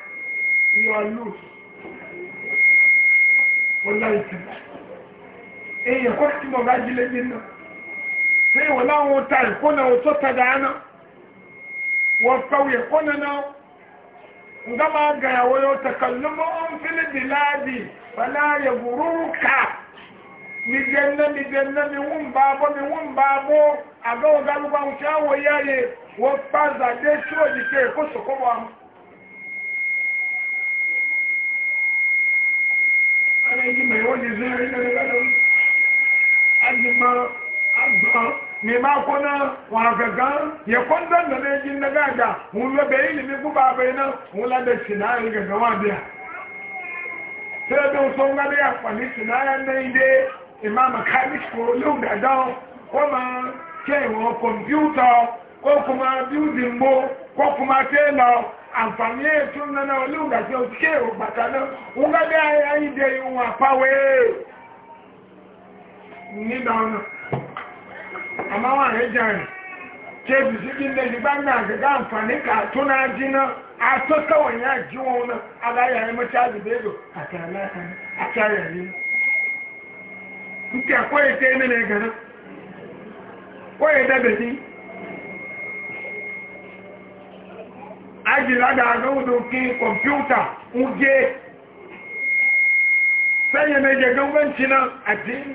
you are loose wallahi tala eh ya kwa kimo gaji leginna sai eh, wala wota ko na wota da ana wa kauye ko na ngama gaya wayo takallumu on um fil biladi fala yaguruka mi jenna mi jenna mi wun babo mi wun babo aga oga lugba wuce awo yaye wo paza de tro di ke ko so ko wa ana yi mai wani zai ne ne ne ne ne ne mai mako na wagagan ya kwandon da zai jin na gaga mun lobe ilimi guba bai nan mun lada sinari ga gama biya sai da sun gada ya kwani sinari na ide imama kamish ko lum da don kuma cewa kwamfuta ko kuma biyudin bo ko kuma te telo amfani ya tun na na olum da ke o batanan unga gada ya ide da yi wa pawe ni da àmọ́ wọn àrẹ jàrin ṣe bìsí kí n lè ní gbangba àgbẹ̀gá àǹfààní kà tó náà jiná àtọ́tọ́ wọ̀nyí àjí wọn náà aláya ẹni mọ́tí àdìbẹ́dọ̀ àti aláya àti àyàrí nkà kó ètè ẹni nà ẹ̀gànà kó ètè bèbí ajìládà àgbẹ̀wòdò kí kọ̀mpútà ń gé sẹ́yìn ẹ̀jẹ̀ gẹ́gẹ́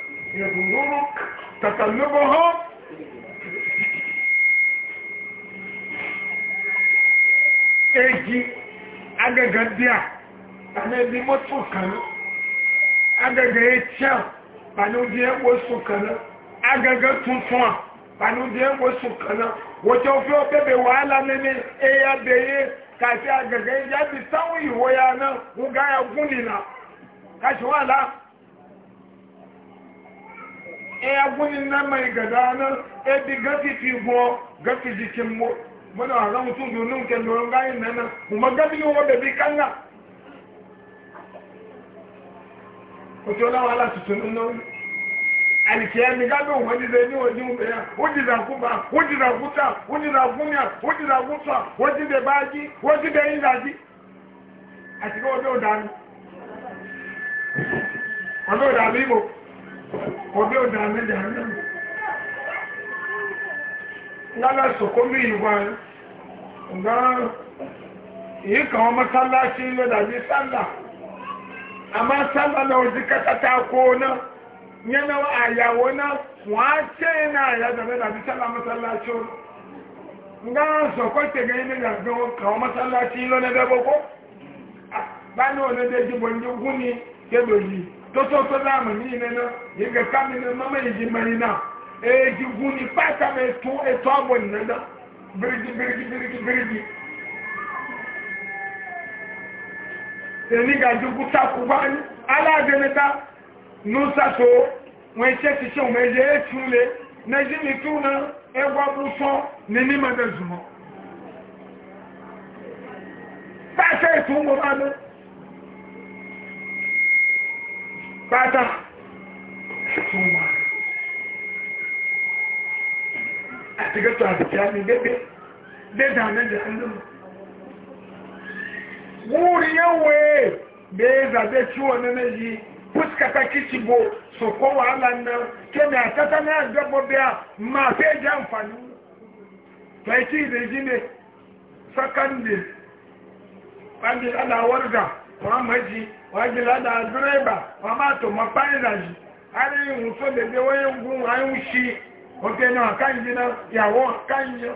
يغمرك تقلبهم eji agaga dia ana ebi moto kan agaga echa panu die wo so kan agaga tuntun panu die wo so kan wo to fi o bebe wahala nene e ya beye ka se agaga ya bi tawo iwo ya na wo ga ya gunina ka se wala ya guni na mai gada nan ebi gafi fi gafi jikin mu muna a ran mutum domin ke gayin nan kuma gafi yi wa bebi kan ko to lawa ala tutun nan alikiyami gabe zai ni wajumbe ya wajiza kuba wajiza kuta wajiza kumya wajiza kuta wajize baji wajize indaji àti kí a bí obi o dame dame lala soko mi igwa nga yi kan wọn masallaci lo dabi sallah ama sallah na oji katata ko na yana wa ayawo na wace na ya dabe dabi sallah masallaci o nga soko tege yi ne dabe ọ, wọn masallaci lo na dabe ko ah, ba ni wọn ne de ndị ndi guni kebe yi tótótó láàmù ní ìnana yíga kámínà mọ́mọ́ ìjì mẹ́rinà èjì gún ní pátàmì tún ètò ààbò ìnana bírígì bírígì bírígì bírígì tẹ̀lígà jùkú takùbá ní aláàdẹ́nẹ́ta nùsàtò wọn iṣẹ́ ti ṣe òun ẹ̀yẹ ẹ̀túnlẹ̀ nẹ́jì ní túnà ẹgbà bùsọ́ ní mímọ̀ bata suma a ti gato a ti ami bebe beza ne de hannun wuri yawon beza be ciwo na meji fuskata kicigo sokowa alanda kemi a tata na agbabo biya ma feji amfani taiti da ne sakandi ɓangin ana warga wọ́n mọ̀jì wọ́n jẹ́ lọ́dà dúrẹ́bà wọ́n máa tò mọ́ páìlàjì arí ìhùn tó bèbè wọ́n ń gún àyún sí òkè náà káyìí náà ìyàwó káyìí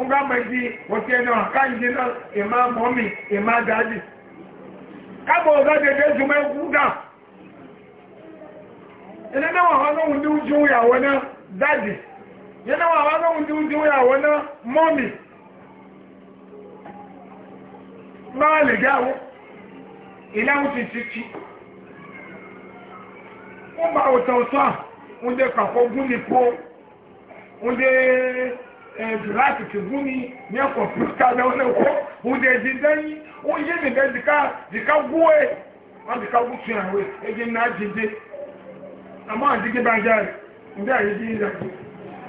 ń gbá mọ̀jì òkè náà káyìí náà ìmá mọ́mì ìmá dájì kábọ̀ ọ̀gá bèbè jùmọ̀ ẹkú dà ilé náà wọ́n lóhun ní ojú náà dájì ilé náà wọ́n lóhun ní ojú náà mọ́mì máa lè dáwó ìlànà ti ti ti wọ́n bá òtọ̀ òtọ̀ po oúnjẹ jùláàtì ti gún ní ndị ẹ̀kọ́ píríkà lẹ́wọ́n ndị kọ́ oúnjẹ jíndẹ́yìn oúnjẹ nìkan dìka dìka gú ẹ̀ wọ́n dìka gú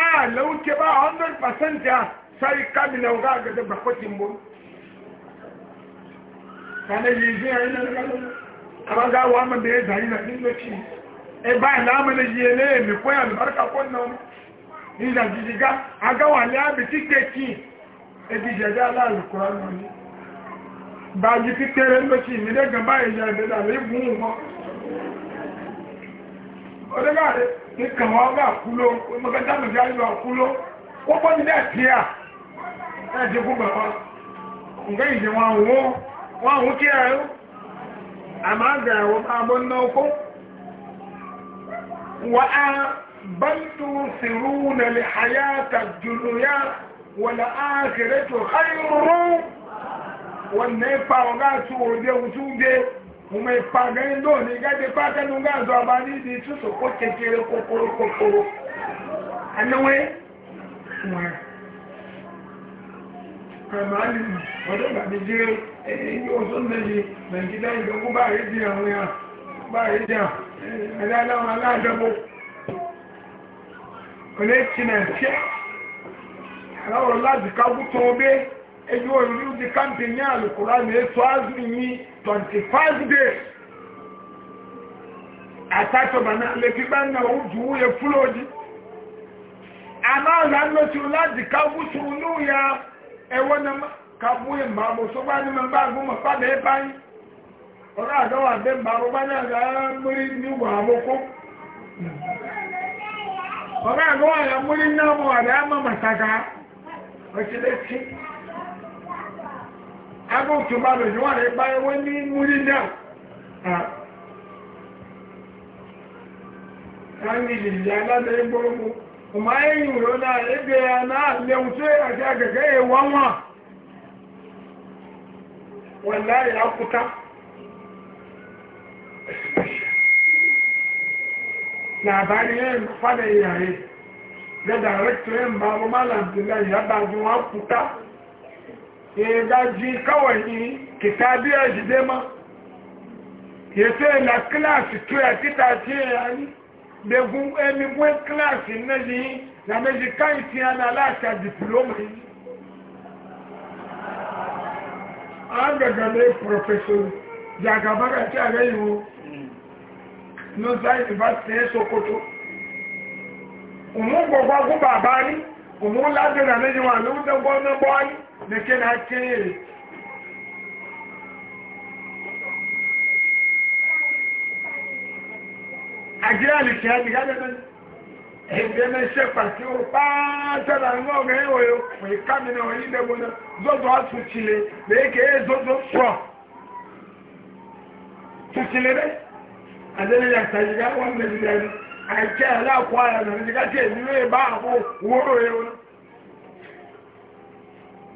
a lauke ba 100% ya sai na ga ga da bakwatin mu kana yi ji ayi na ga amma ga wa man da ya dai na din lokaci e ba na mu ne je ne mi ko ya barka ko nan ni da ga aga wa le abi tikeki e bi je da la alquran ni ba ji tikere lokaci mi da ga ba ya da da le bu mo ọdọ́gáàrẹ́ ní a ọgá àkúló mọ́kàntà mọ̀ sí àyílọ ó bọ́ ní dẹ́ẹ̀tì à ẹ̀jẹ̀ kú bàbá nǹkan ìjẹ̀ wọn wó kí ẹ̀ àmà àgbà ẹ̀wọ̀ máa ọkọ́ wà á bẹ́ntù sírú nàlẹ̀ àyà tàjùlù yá wọ̀lẹ̀ áàkẹrẹ tó wọ́n ọgá ume pagani ndoni gade paka nungazo abani di tuso ko tekere kokoro kokoro anawe mwana kamali odo ba bi je e, e yo so meji men kida ndo ko ba ri dia ya ba ri dia ala ala ala dabo kole china pia ala ola di e, e, kabu tobe ebi wọ́n rí di campaign ní alùkùrá ní ètò azùn ní 25 days àtàtọ̀bà náà lè fi bá náà ó jù ú yẹ fúlòdì àmà àlà ń lọ sí láti káwú sí inú ya ẹwọ́ náà káwú yẹ mbà bò sọ́gbà ní mbà àgbọ̀n mọ̀ fàdé báyìí ọ̀rọ̀ àdáwà bẹ́ mbà bò bá náà rà á múrí ní wà á mọ́kó ọ̀rọ̀ àdáwà yà múrí náà mọ̀ àdáwà mọ̀ màtàkà ọ̀ṣẹ̀lẹ̀ tí. agbóòtú bá lò níwọ̀n rẹ̀ bá ẹwọ́ a múrí náà ránìlì ìyá aláta ẹgbọ́rọ̀mù ọmọ ẹ̀yìn na e na ẹgbẹ́ ya lẹ́hùn tó àti àgẹ̀gẹ́ ẹ̀wọ́ wọn wọ́n láì lápútá labari yin fada yayi da director yin babu abdullahi ya bazu ya daji kawai ni kitabiyar shi zai ma ya ce na klasi tuya kita ce ya ni da gun emi gun klasi na ji na na ji kan ti ana lasa diploma yi an gaga ne professor jagabara ti a rai wo nusa university ya sokoto umu gbogbo agun baba ni umu ladina na ji wa lóòótọ́ gbọ́nà gbọ́ nìkẹ́ náà kéré rẹ̀ àjírí àlìkẹ́ àjíkádẹ́gbẹ́ ẹgbẹ́ mẹ́ṣẹ́ pàtí ó pàátẹ́lá ńlọ ọ̀gẹ́ ìwòyò pẹ̀lú kámínà orílẹ̀-èdè zozo àtúnṣìlẹ̀ lẹ́ẹ̀kẹ́ zozo pọ̀ túnṣìlẹ̀ rẹ̀ àdẹ́lẹ́ yàtàjíká wọ́n lè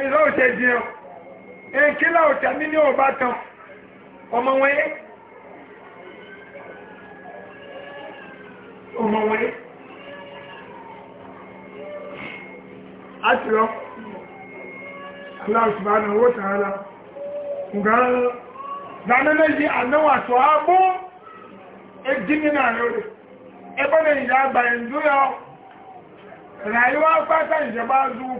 ìlú òṣè jẹun èkìlá òṣà mi ní ọba tán ọmọ wọn ọmọ wọn yẹ àtìrọ aláàṣùbá náà wó tààrà ǹgbọ́n lánàlẹ́yìn ànáwà tó á bó ẹjí nínú ya ẹgbọ́n ìyá àgbà ìdúyọ ràíwá pátá o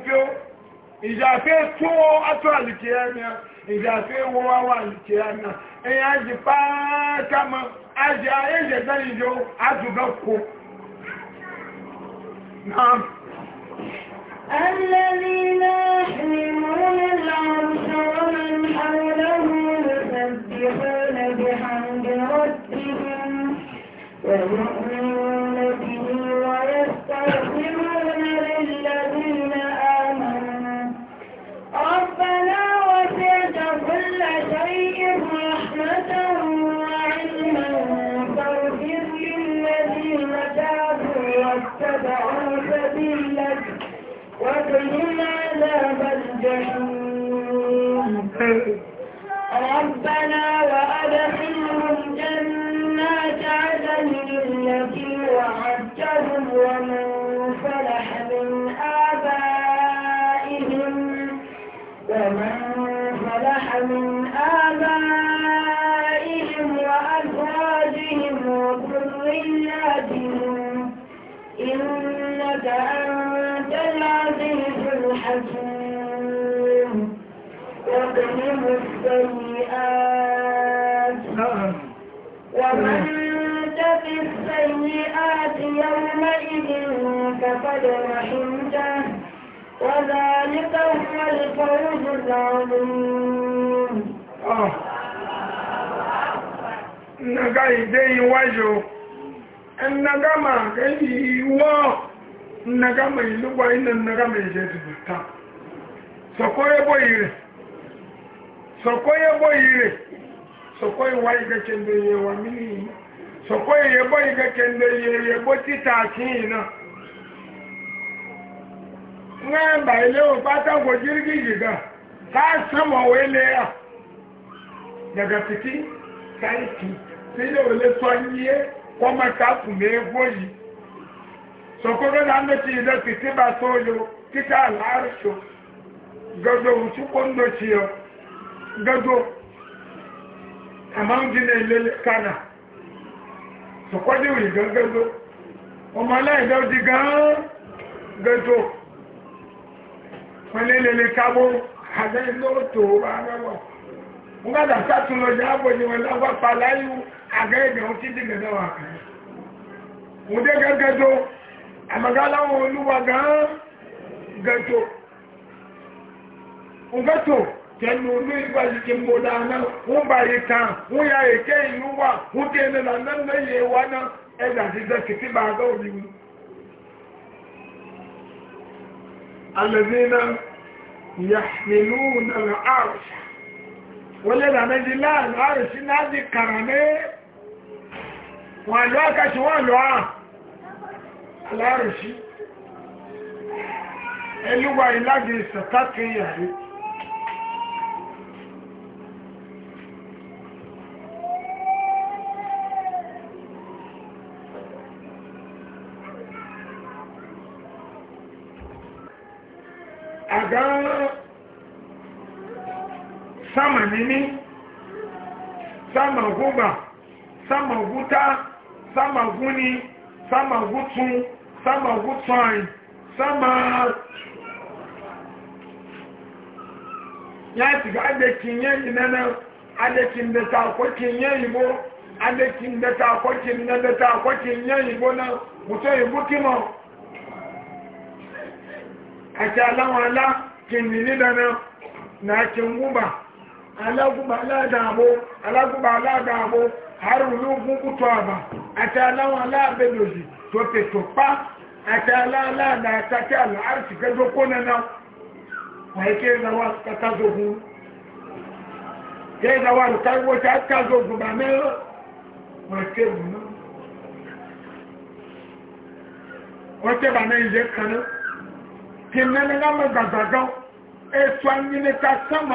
ìjàfẹ́ tó átọ́ àlìkẹ́ ẹ̀nà ìjàfẹ́ wọ́n wá wà àlìkẹ́ ẹ̀nà ẹ̀yà jì pàákàmọ́ ajá ẹ̀jẹ̀ dáyìnjọ́ àjùgbọ́ kò náà الذين يحملون العرش ومن حوله يسبحون بحمد ربهم ويؤمنون Gracias. كانت يومئذ فقد رحمته وذلك هو الفوز العظيم nnaga ah. ide iwaju nnaga ma ga iwo nnaga ma nnaga ma bo ire sokoye bo ire sokoye wa ige chende yewa sọ̀kọ́ ìyẹ̀bọ́ ìkẹ́kẹ́ ndé ìyẹ̀bọ́ títà àti ìná ńgbà ilé òpátàkò jírígì gìgà káàsánmọ̀ wélé a gàgàfìtì sáìtì sílé daga sọ yíyé kọ́mọ̀tà kùnmé egbó yìí sọ̀kọ́ tó dá mẹ́tì ilé fìtì bá sóyò títà àlárùsọ gàdó òtúkọ́ ńdọ̀tì ọ gàdó àmọ́ ń dín ilé kánà. sọ̀kọ́dìwì gẹ́gẹ́gẹ́ ọmọ aláìdá ti gan-an gẹ́tò pẹ̀lẹ́ lẹ́lẹ́ kábó àdáìlò tó bá rẹwà wọ́n gbádà sátún lọ jẹ́ àbòjì wọn lágbà pa láyú àgẹ́gẹ́ wọn kí dìgẹ̀dẹ̀ wà kàn wọ́n dé gẹ́gẹ́gẹ́ àmàgáláwọn olúwa gan-an tẹnu ní ìgbàjíkí mbọ̀dá náà wọ́n bá yìí kan wọ́n yà èké ìlú wà wọ́n tí ẹni là náà náà náà ẹ̀dà ti kìtì bá gá òní mu. yà nínú nàlẹ́ àrùsà wọ́n lé lànà di àrùsí náà di kàrà ní wọ́n àkàtì wọ́n à sama nini sama gúgbà sama huta sama huni sama gútun sama gútun sama sámà láti ga adekin yẹn nana adekin dẹta akọkin yẹn yìí bó adekin dẹta akọkin na dẹta akọkin yẹn yìí bó na mùtọ́ yìí bó kí mọ́ àti aláwọn alá na kí alágùnbà aládàbò alágùnbà aládàbò arùnlógún ala àti aláwọn aláàbẹ̀lòsì tó tètò pa àti aláàlá àtàkì àlà àrùsì kẹjọ kó nana wọ́n ké ìdáwà kátàzógún ké ìdáwà lùtàgbò tí a kátàzógún bà mẹ́rọ wọ́n ké ìdáwà ká mọ́ gbàgbàgbà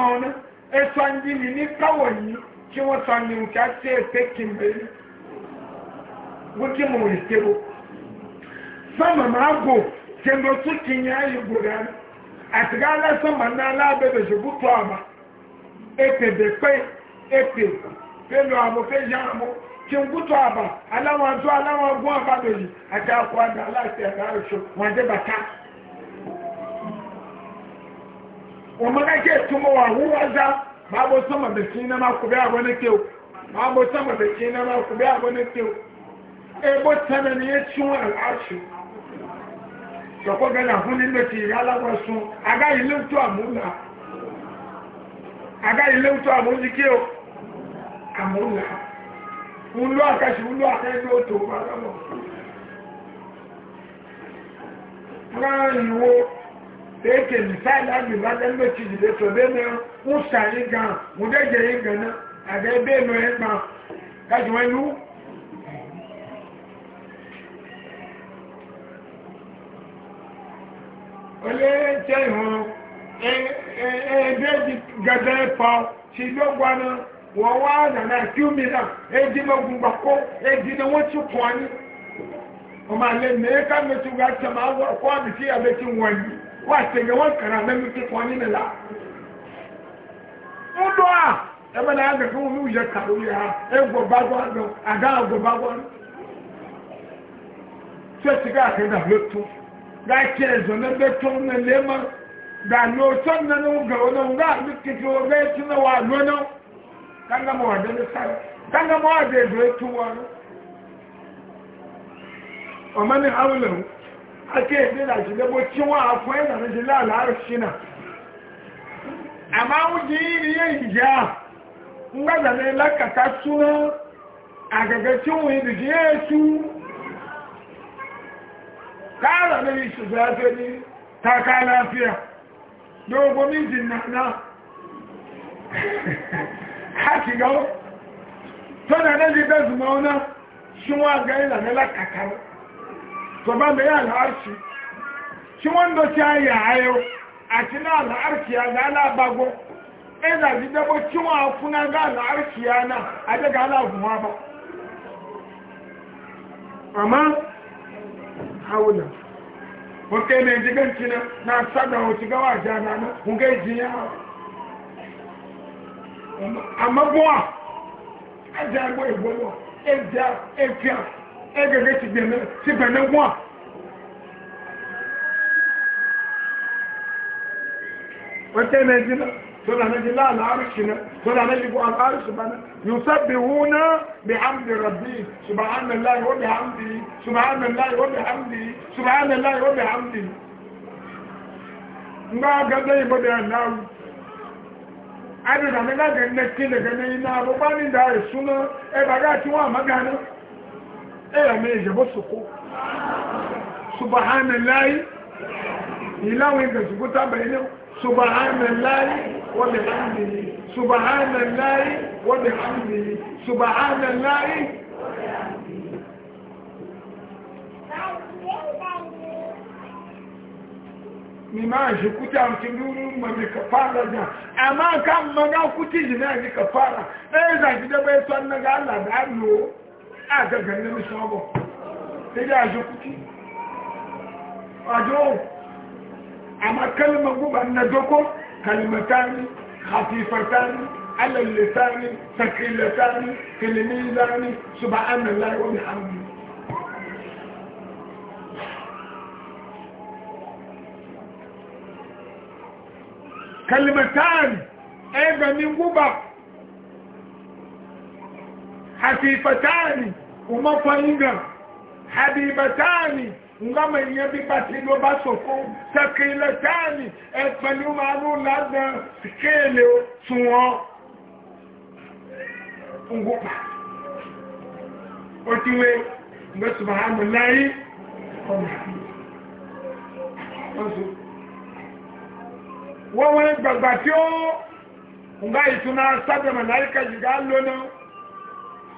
ẹ̀sọ́ ní ní ní káwọ̀ yìí kí wọ́n sọ ní nǹkan ṣe èpè kí n bẹ̀rẹ̀ wọ́n kí mo rè tẹ́wọ́ sọ́mà máa gò tẹ́lọ tún kì í yá yìí gbòdà ní àtìgá alásọ́mà náà lábẹ́bẹ̀ ṣògbó tó àmà èpè bẹ̀pẹ́ èpè pẹ̀lú àmọ́ fẹ́ yá àmọ́ kí n kú tó àbà aláwọn àjọ aláwọn ọgbọ́n àbábẹ̀yì àti àkọ́ àdá aláṣẹ àdá àrùṣọ wọn àdébàtà. wọ́n ká kí ètùmọ̀ wà wúwá zá máa bọ́ sọ́mọ̀ bẹ̀ sí iná máa kò bí àbọ̀ ní kéw máa bọ́ sọ́mọ̀ bẹ̀ sí iná máa bí àbọ̀ ní kéw tẹ́lẹ̀ ti ìyá aláwọ̀ sun àgá ilé tó àmúlà àgá ilé tó àmúlì kéw àmúlà ń àkàṣì ń àkàṣì ó tó lọ́wọ́ bẹ́ẹ̀kì mìsáìlì àgbègbè lẹ́gbẹ̀ẹ́ ti dìde tó bẹ́ẹ̀ mẹ́rin ń sàrí gan mo dẹ́jẹ̀ yìí gan náà àgbẹ̀ bẹ́ẹ̀ mẹ́rin pa kájú wọn lú. olè jẹ́ ìhun ẹ̀ẹ́dẹ́jì gẹ́gẹ́ pọ̀ sí lọ́gbọ́n náà wọ́n wá nàná kí omi náà èdè mọ́gun gbà kó èdè ni wọ́n ti pọ̀ ní. ọmọ àlẹ́ mẹ́ẹ́ká mi ti wá tẹ̀ máa wọ́ ọkọ́ àbìtí wọ́n àtẹ̀yẹ wọ́n kàrà mẹ́mí tó kọ́ ní nìlá ń lọ à ẹgbẹ́ náà yàgbẹ́ fún mi yẹ kàrò yẹ ha ẹgbọ́ bá gbọ́ àdó àdá àgbọ́ bá gbọ́ tó ti ká àtẹ̀yẹ dà lótú gàtí ẹ̀zọ́ náà bẹ́ tó ń lé mọ́ gà ló tó ń nánú gàwó náà gà ló kìtì wọ́n bẹ́ẹ̀ tí náà wà lónà kángàmọ́ àdó ní sáré kángàmọ́ àdó ake ebe da shi dabo a kuwa yana rashin lalata shi na amma wuce yi ni yin ja nga da ne lakata suna a gaga cinwa yi da shi ya su kara na yi shi zafi ne ta ka lafiya dogon mijin na na haki gawo tana na ji bezuma wana shi wa ga yi da tọba mai al'arci shi wanda ta yi ayo a na al'arci ya na alabago ɗaya da ji dabo ciwa kuna ga al'arci ya na a daga alagunwa ba amma haula wata mai jiganci na na sada wata gawa jana na kunga jiya amma buwa a jagwa igwalwa efiya e egègé ti bẹ̀lẹ̀ wọ́n wọ́tẹ́ méjì náà méjì láàrín àrùsì náà sọ́dá méjì bọ́ àrùsì bá náà yóò sábẹ̀ wọ́n náà bí hàmdì rabbi subhanallahi wa bihamdi subhanallahi wa bihamdi subhanallahi wa bihamdi ngá gẹ́gẹ́ ìbọ̀dẹ̀ àdáwù kí tí wọ́n náà ẹ̀yà mẹ́rin ìjẹ̀bọ́ sọ́kó subahánàláyé ìláwọn ìgbẹ̀ sọ́kó tábàá ilé subahánàláyé wọ́n lè hàn mí subahánàláyé wọ́n lè hàn mí subahánàláyé. ni ma shi kuta mutum durin mai ka fara da amma kan maga kuti jina ji ka àgàgà ní omi sọ́bọ̀ ilé àjò kúkú àjò àmà kalmar gúbà nàdókó kalmatani hafifatani alalletani sakilatani kilimizani subhanallah wa bihamdi kalmatani ẹgbẹ̀mí gúbà hafifatani umafainga habibatani ngama yenye bibatilo basoko sakilatani ẹgbẹ̀lú máa ló ládá kéèlè tún wọn ngópa ó tí wé gbẹ́sùmọ̀ hàmù láyé wọ́n wọ́n gbàgbà tí ó ń gá ìtúná sábẹ̀mọ̀ láyé kẹjì gá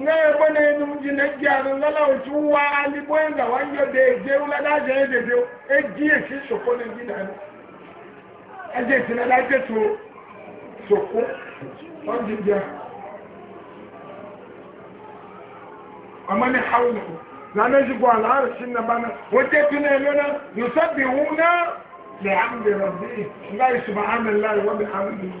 nga ya enum ji na ji anu nga la otu wa ali bwenga wa nyo de je da je de de e ji e si soko ne ji na ni je ti na la je soko on ji ja amane hawlu lana ji na bana wote tuna lona yusabbihuna li hamdi rabbi nga subhanallahi wa bihamdihi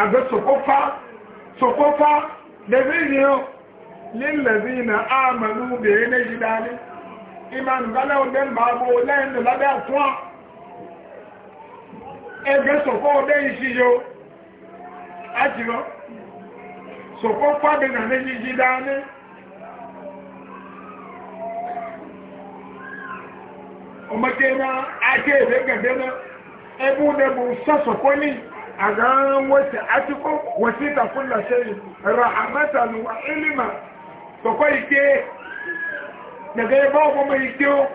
àgbẹ̀ sọ̀kọ́fà sọ̀kọ́fà lẹ́bí yìí lílẹ̀bí na àmàlú bèèrè méjì dání ìmànù gálẹ́ òdé mbàbò lẹ́yìn lábẹ́ àtúnwà ẹgbẹ́ sọ̀kọ́ òdé ìṣíyó àjírọ́ sọ̀kọ́fà bèèrè méjì jí dání ọmọdé náà ákẹ́ ìrẹ́gẹ̀dẹ́ náà ẹbú nẹ́bù sọ́sọ̀kọ́ ní a ga wata atiko wasita kulla shayin rahamatan wa ilima bakwai ike daga ya ba kuma ike o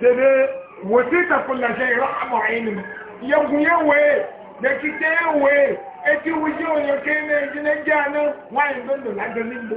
tebe wasita kulla shayin rahama wa ilima yankun yawaye da kike yawaye eti wuce onye ke na ejina jana wayan don da lagarin bo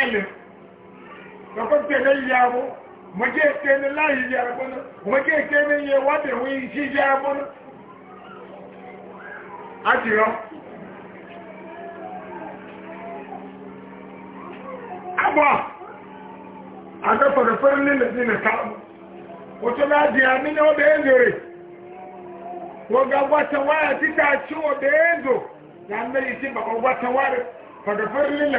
ilm da ko te ne yabo mo je te ne la yi ya ko mo je te ne ye wa de wi ji ya ko ati ro aba aga fara farin ne ne ka wato na di amini o da yanzu re ko e. ga wata waya tita ci o da yanzu ya annabi isi ba ko wata waya fara farin ne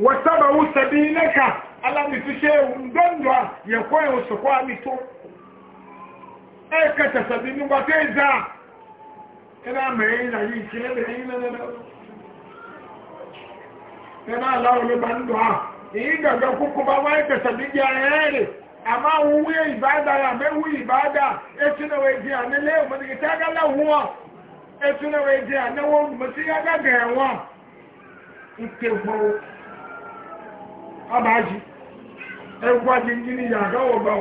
watabawu sabilaka alamifishe ndondwa yakwaye usokwamito ekata sabini wateza ina mayina yikile mayina na ina lawo le bandwa igaga kukuba waita sabiji ayere ama uwe ibada ya mewu ibada etuna weji ane leo madigitaga la huwa etuna weji ane wo masiyaga gawa ikefo abaji ji kwajin gini ya gawo ba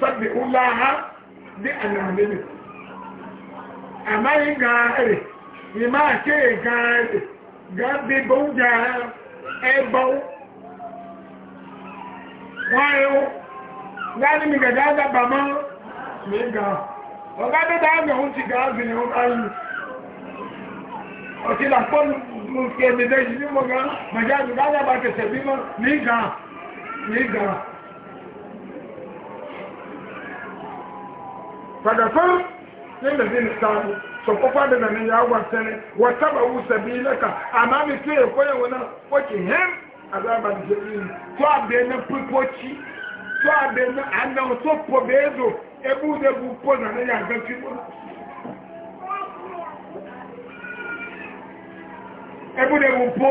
ụlọ ulaha di anamini amma yi gaare ima ke gaare gabi bau jara ebau wayo gani mi gaja da bama gaa ga gaa ti gáàzì ni ó bá yìí mun ke da dai shi mun ga majalu ga da ba ta tabi mun ni ga ni ga fadafar sai da zai samu so ko fada da nan ya gwasa ne wa tabawu sabilaka amma mi ke koyo wannan wake hem azaba da jini to abe na pupochi to abe na anan so pobezo ebu de bu po ẹgbẹ́dẹ̀ mú pó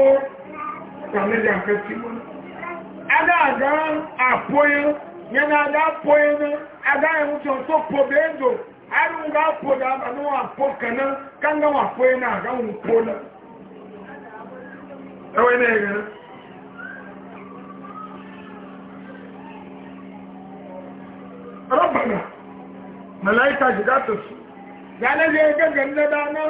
ìtàlẹ́jà nǹkan tí mọ́ adáàgá àpóyẹ yẹn náà adá àpóyẹ náà adá ẹ̀hún tí ó tó pò bẹ́ẹ̀dọ̀ arúgbó ga pò dáadáa ní wọn àpó kàná káńgá wọn àpóyẹ náà àgá wọn pò náà ẹwẹ́ náà ẹ̀rẹ́ rọ́bànà mẹ́láìkà jìdá tó sùn gánà yẹ gẹ́gẹ́ ní dáadáa náà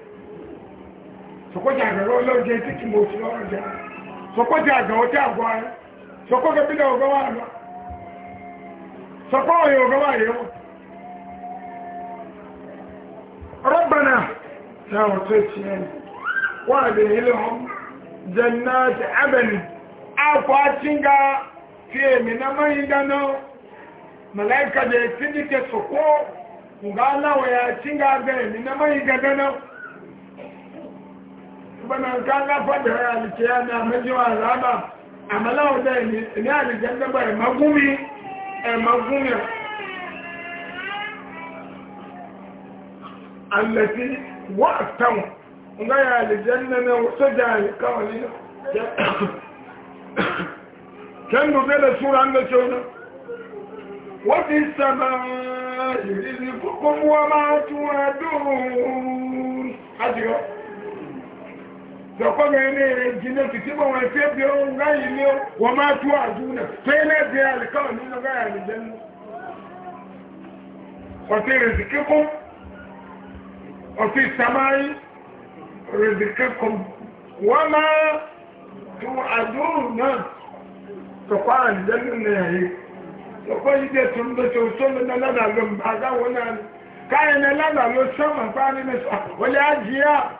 sọkọjà àgàrà ọlọ́jẹ tí kì mọ̀ sí ọjà sọkọjà àgà ọjà àgọ́ ayé sọkọjà bídà ọgọ́ wà lọ sọkọ ọyọ ọgọ́ wà yẹ wọ. rọ́bànà náà wọ́n tó ti yẹn afọ àtìngà fi èmi kwanan kanga fadar alkiya na majiwa raba a malawa da ni alijan da bai e magumi a e magumi allafi wa'atan ga ya alijan na na wasu da alkawali kan dube da sura ga cewa wata isa ba iri kuma wa ma tuwa duru hajjiyo zɔkɔmɛ ne yɛrɛ jinɛ kiti bɔ wɔn fɛn bɛ wɔn nka yi ne wɔn ma tu a dun na fɛn ne bɛ ali kawo ni nɔgɔ yɛ ali dɛm ɔti rezike ko ɔti samayi rezike ko wɔn ma tu a dun na zɔkɔ ali dɛm ne yɛ zɔkɔ yi de tun bɛ tɛw so mi na lada lom a da wɔn na kaayɛ na lada lo sɔn ma paa ni ne sɔn wale a jiya.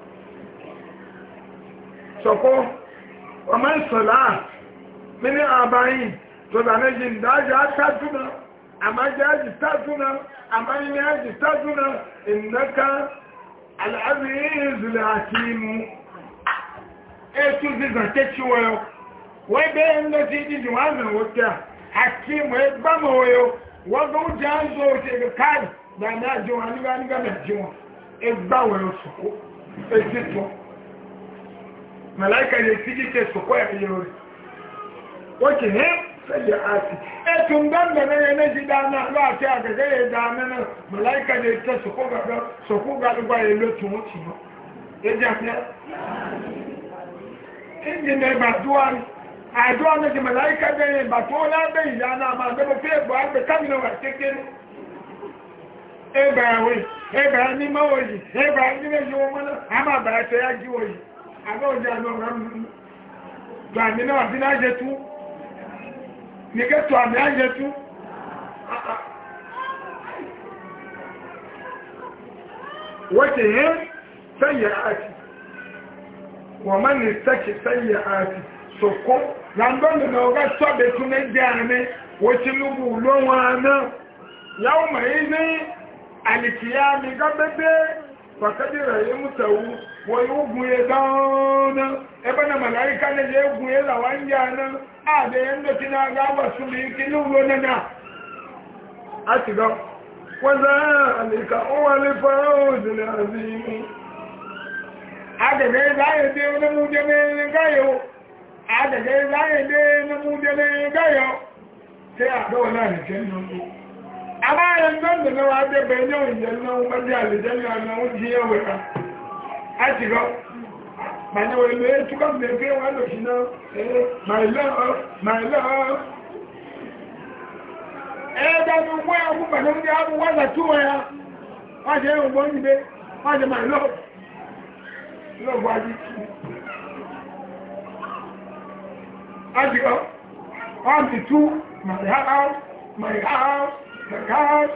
sọ̀kọ́ ọmọ ìsọ̀lá mini àbáyìn tọ́dánẹ́jì ìdájá tàtúnà àmájájì tàtúnà àmáyínájì tàtúnà ìnáka al'azìrìnzìlẹ̀ àti imú ètù zizà wọ́n bẹ́ ẹ̀lẹ́tí ìdíjì wọ́n òṣèrè káàdì gbàmí àjọ wọn nígbà nígbà mẹ́jọ wọn ẹgbà wọ́yọ́ sọ̀kọ́ ètì tọ́ màláìka yẹ tí kíkẹ́ sọ̀kọ́ ẹ̀yẹ rẹ̀ wọ́n kì hẹ́ sẹ́jẹ̀ àti ẹ̀tùn gbọ́ngbọ̀n náà yẹn ti dáná láti àgẹ́gẹ́ yẹ dáná náà màláìka yẹ tẹ́ sọ̀kọ́ gbàgbọ́ sọ̀kọ́ gbàgbọ́ yẹ lótú wọn tì mọ́ ẹ̀jẹ̀ àfẹ́ ẹ̀jẹ̀ náà bà dúwà ní àdúrà náà ti màláìka bẹ́yẹn bà tó lábẹ́ ìyá náà máa gbẹ́bọ̀ fẹ́ bọ̀ àgbẹ̀ kámìnà wà kékeré àgọ́jà lọ́rọ̀ mú tó àmì náà bí láyé tú nìkẹ́ tó àmì láyé tú wọ́tẹ̀ yẹn sẹ́yẹ̀ àti wọ́n má ní sẹ́kì sẹ́yẹ̀ àti sọ̀kọ́ làǹdọ́nù náà ọ̀gá sọ́bẹ̀ tún ní jẹ́ àmì wọ́n lúgbù lọ́wọ́ àná yàwó wọ́n yóò gun yẹ gáánà na màláríkà lè yẹ gun yẹ làwà ń yà náà ààbẹ̀ yẹ ń dọ̀tí náà gáwà súnmí kí ní wọ́n náà a ti gọ́ wọ́n záà ah, àlèkà ó wà lè fara òjìlẹ̀ àti inú àdẹ̀gẹ́ láyẹ̀dẹ́ onímúdẹ́lẹ́ gáyọ̀ àdẹ̀gẹ́ láyẹ̀dẹ́ onímúdẹ́lẹ́ na tí àdọ́wọ̀ náà nìkẹ́ nínú àbáyẹ̀ ń dọ́ndẹ̀ náà wà á dẹ́bẹ̀ẹ́ náà ìjẹ́ náà wọ́n àtìrọ màní olè túkọ̀ mẹ́gbẹ́ wọn lò sí náà my love my love ẹ̀ẹ́dẹ́nu eh, wọ́n yà fún pẹ̀lú ní àwọn wọ́n ọ ya wọ́n ṣe ẹ̀rùn gbọ́n wọ́n my love love wájú àtìrọ my house my house my house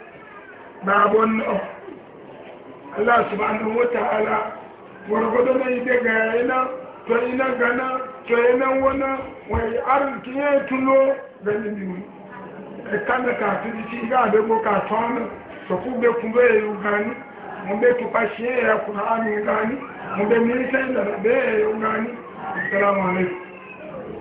babon nan Allah subhanahu wa ta'ala wargwado na ide ga yana to ina gana to yana wana wai arziki ya tulo gani biyu e kana ka tiri ci ga be ko ka tona e assalamu alaikum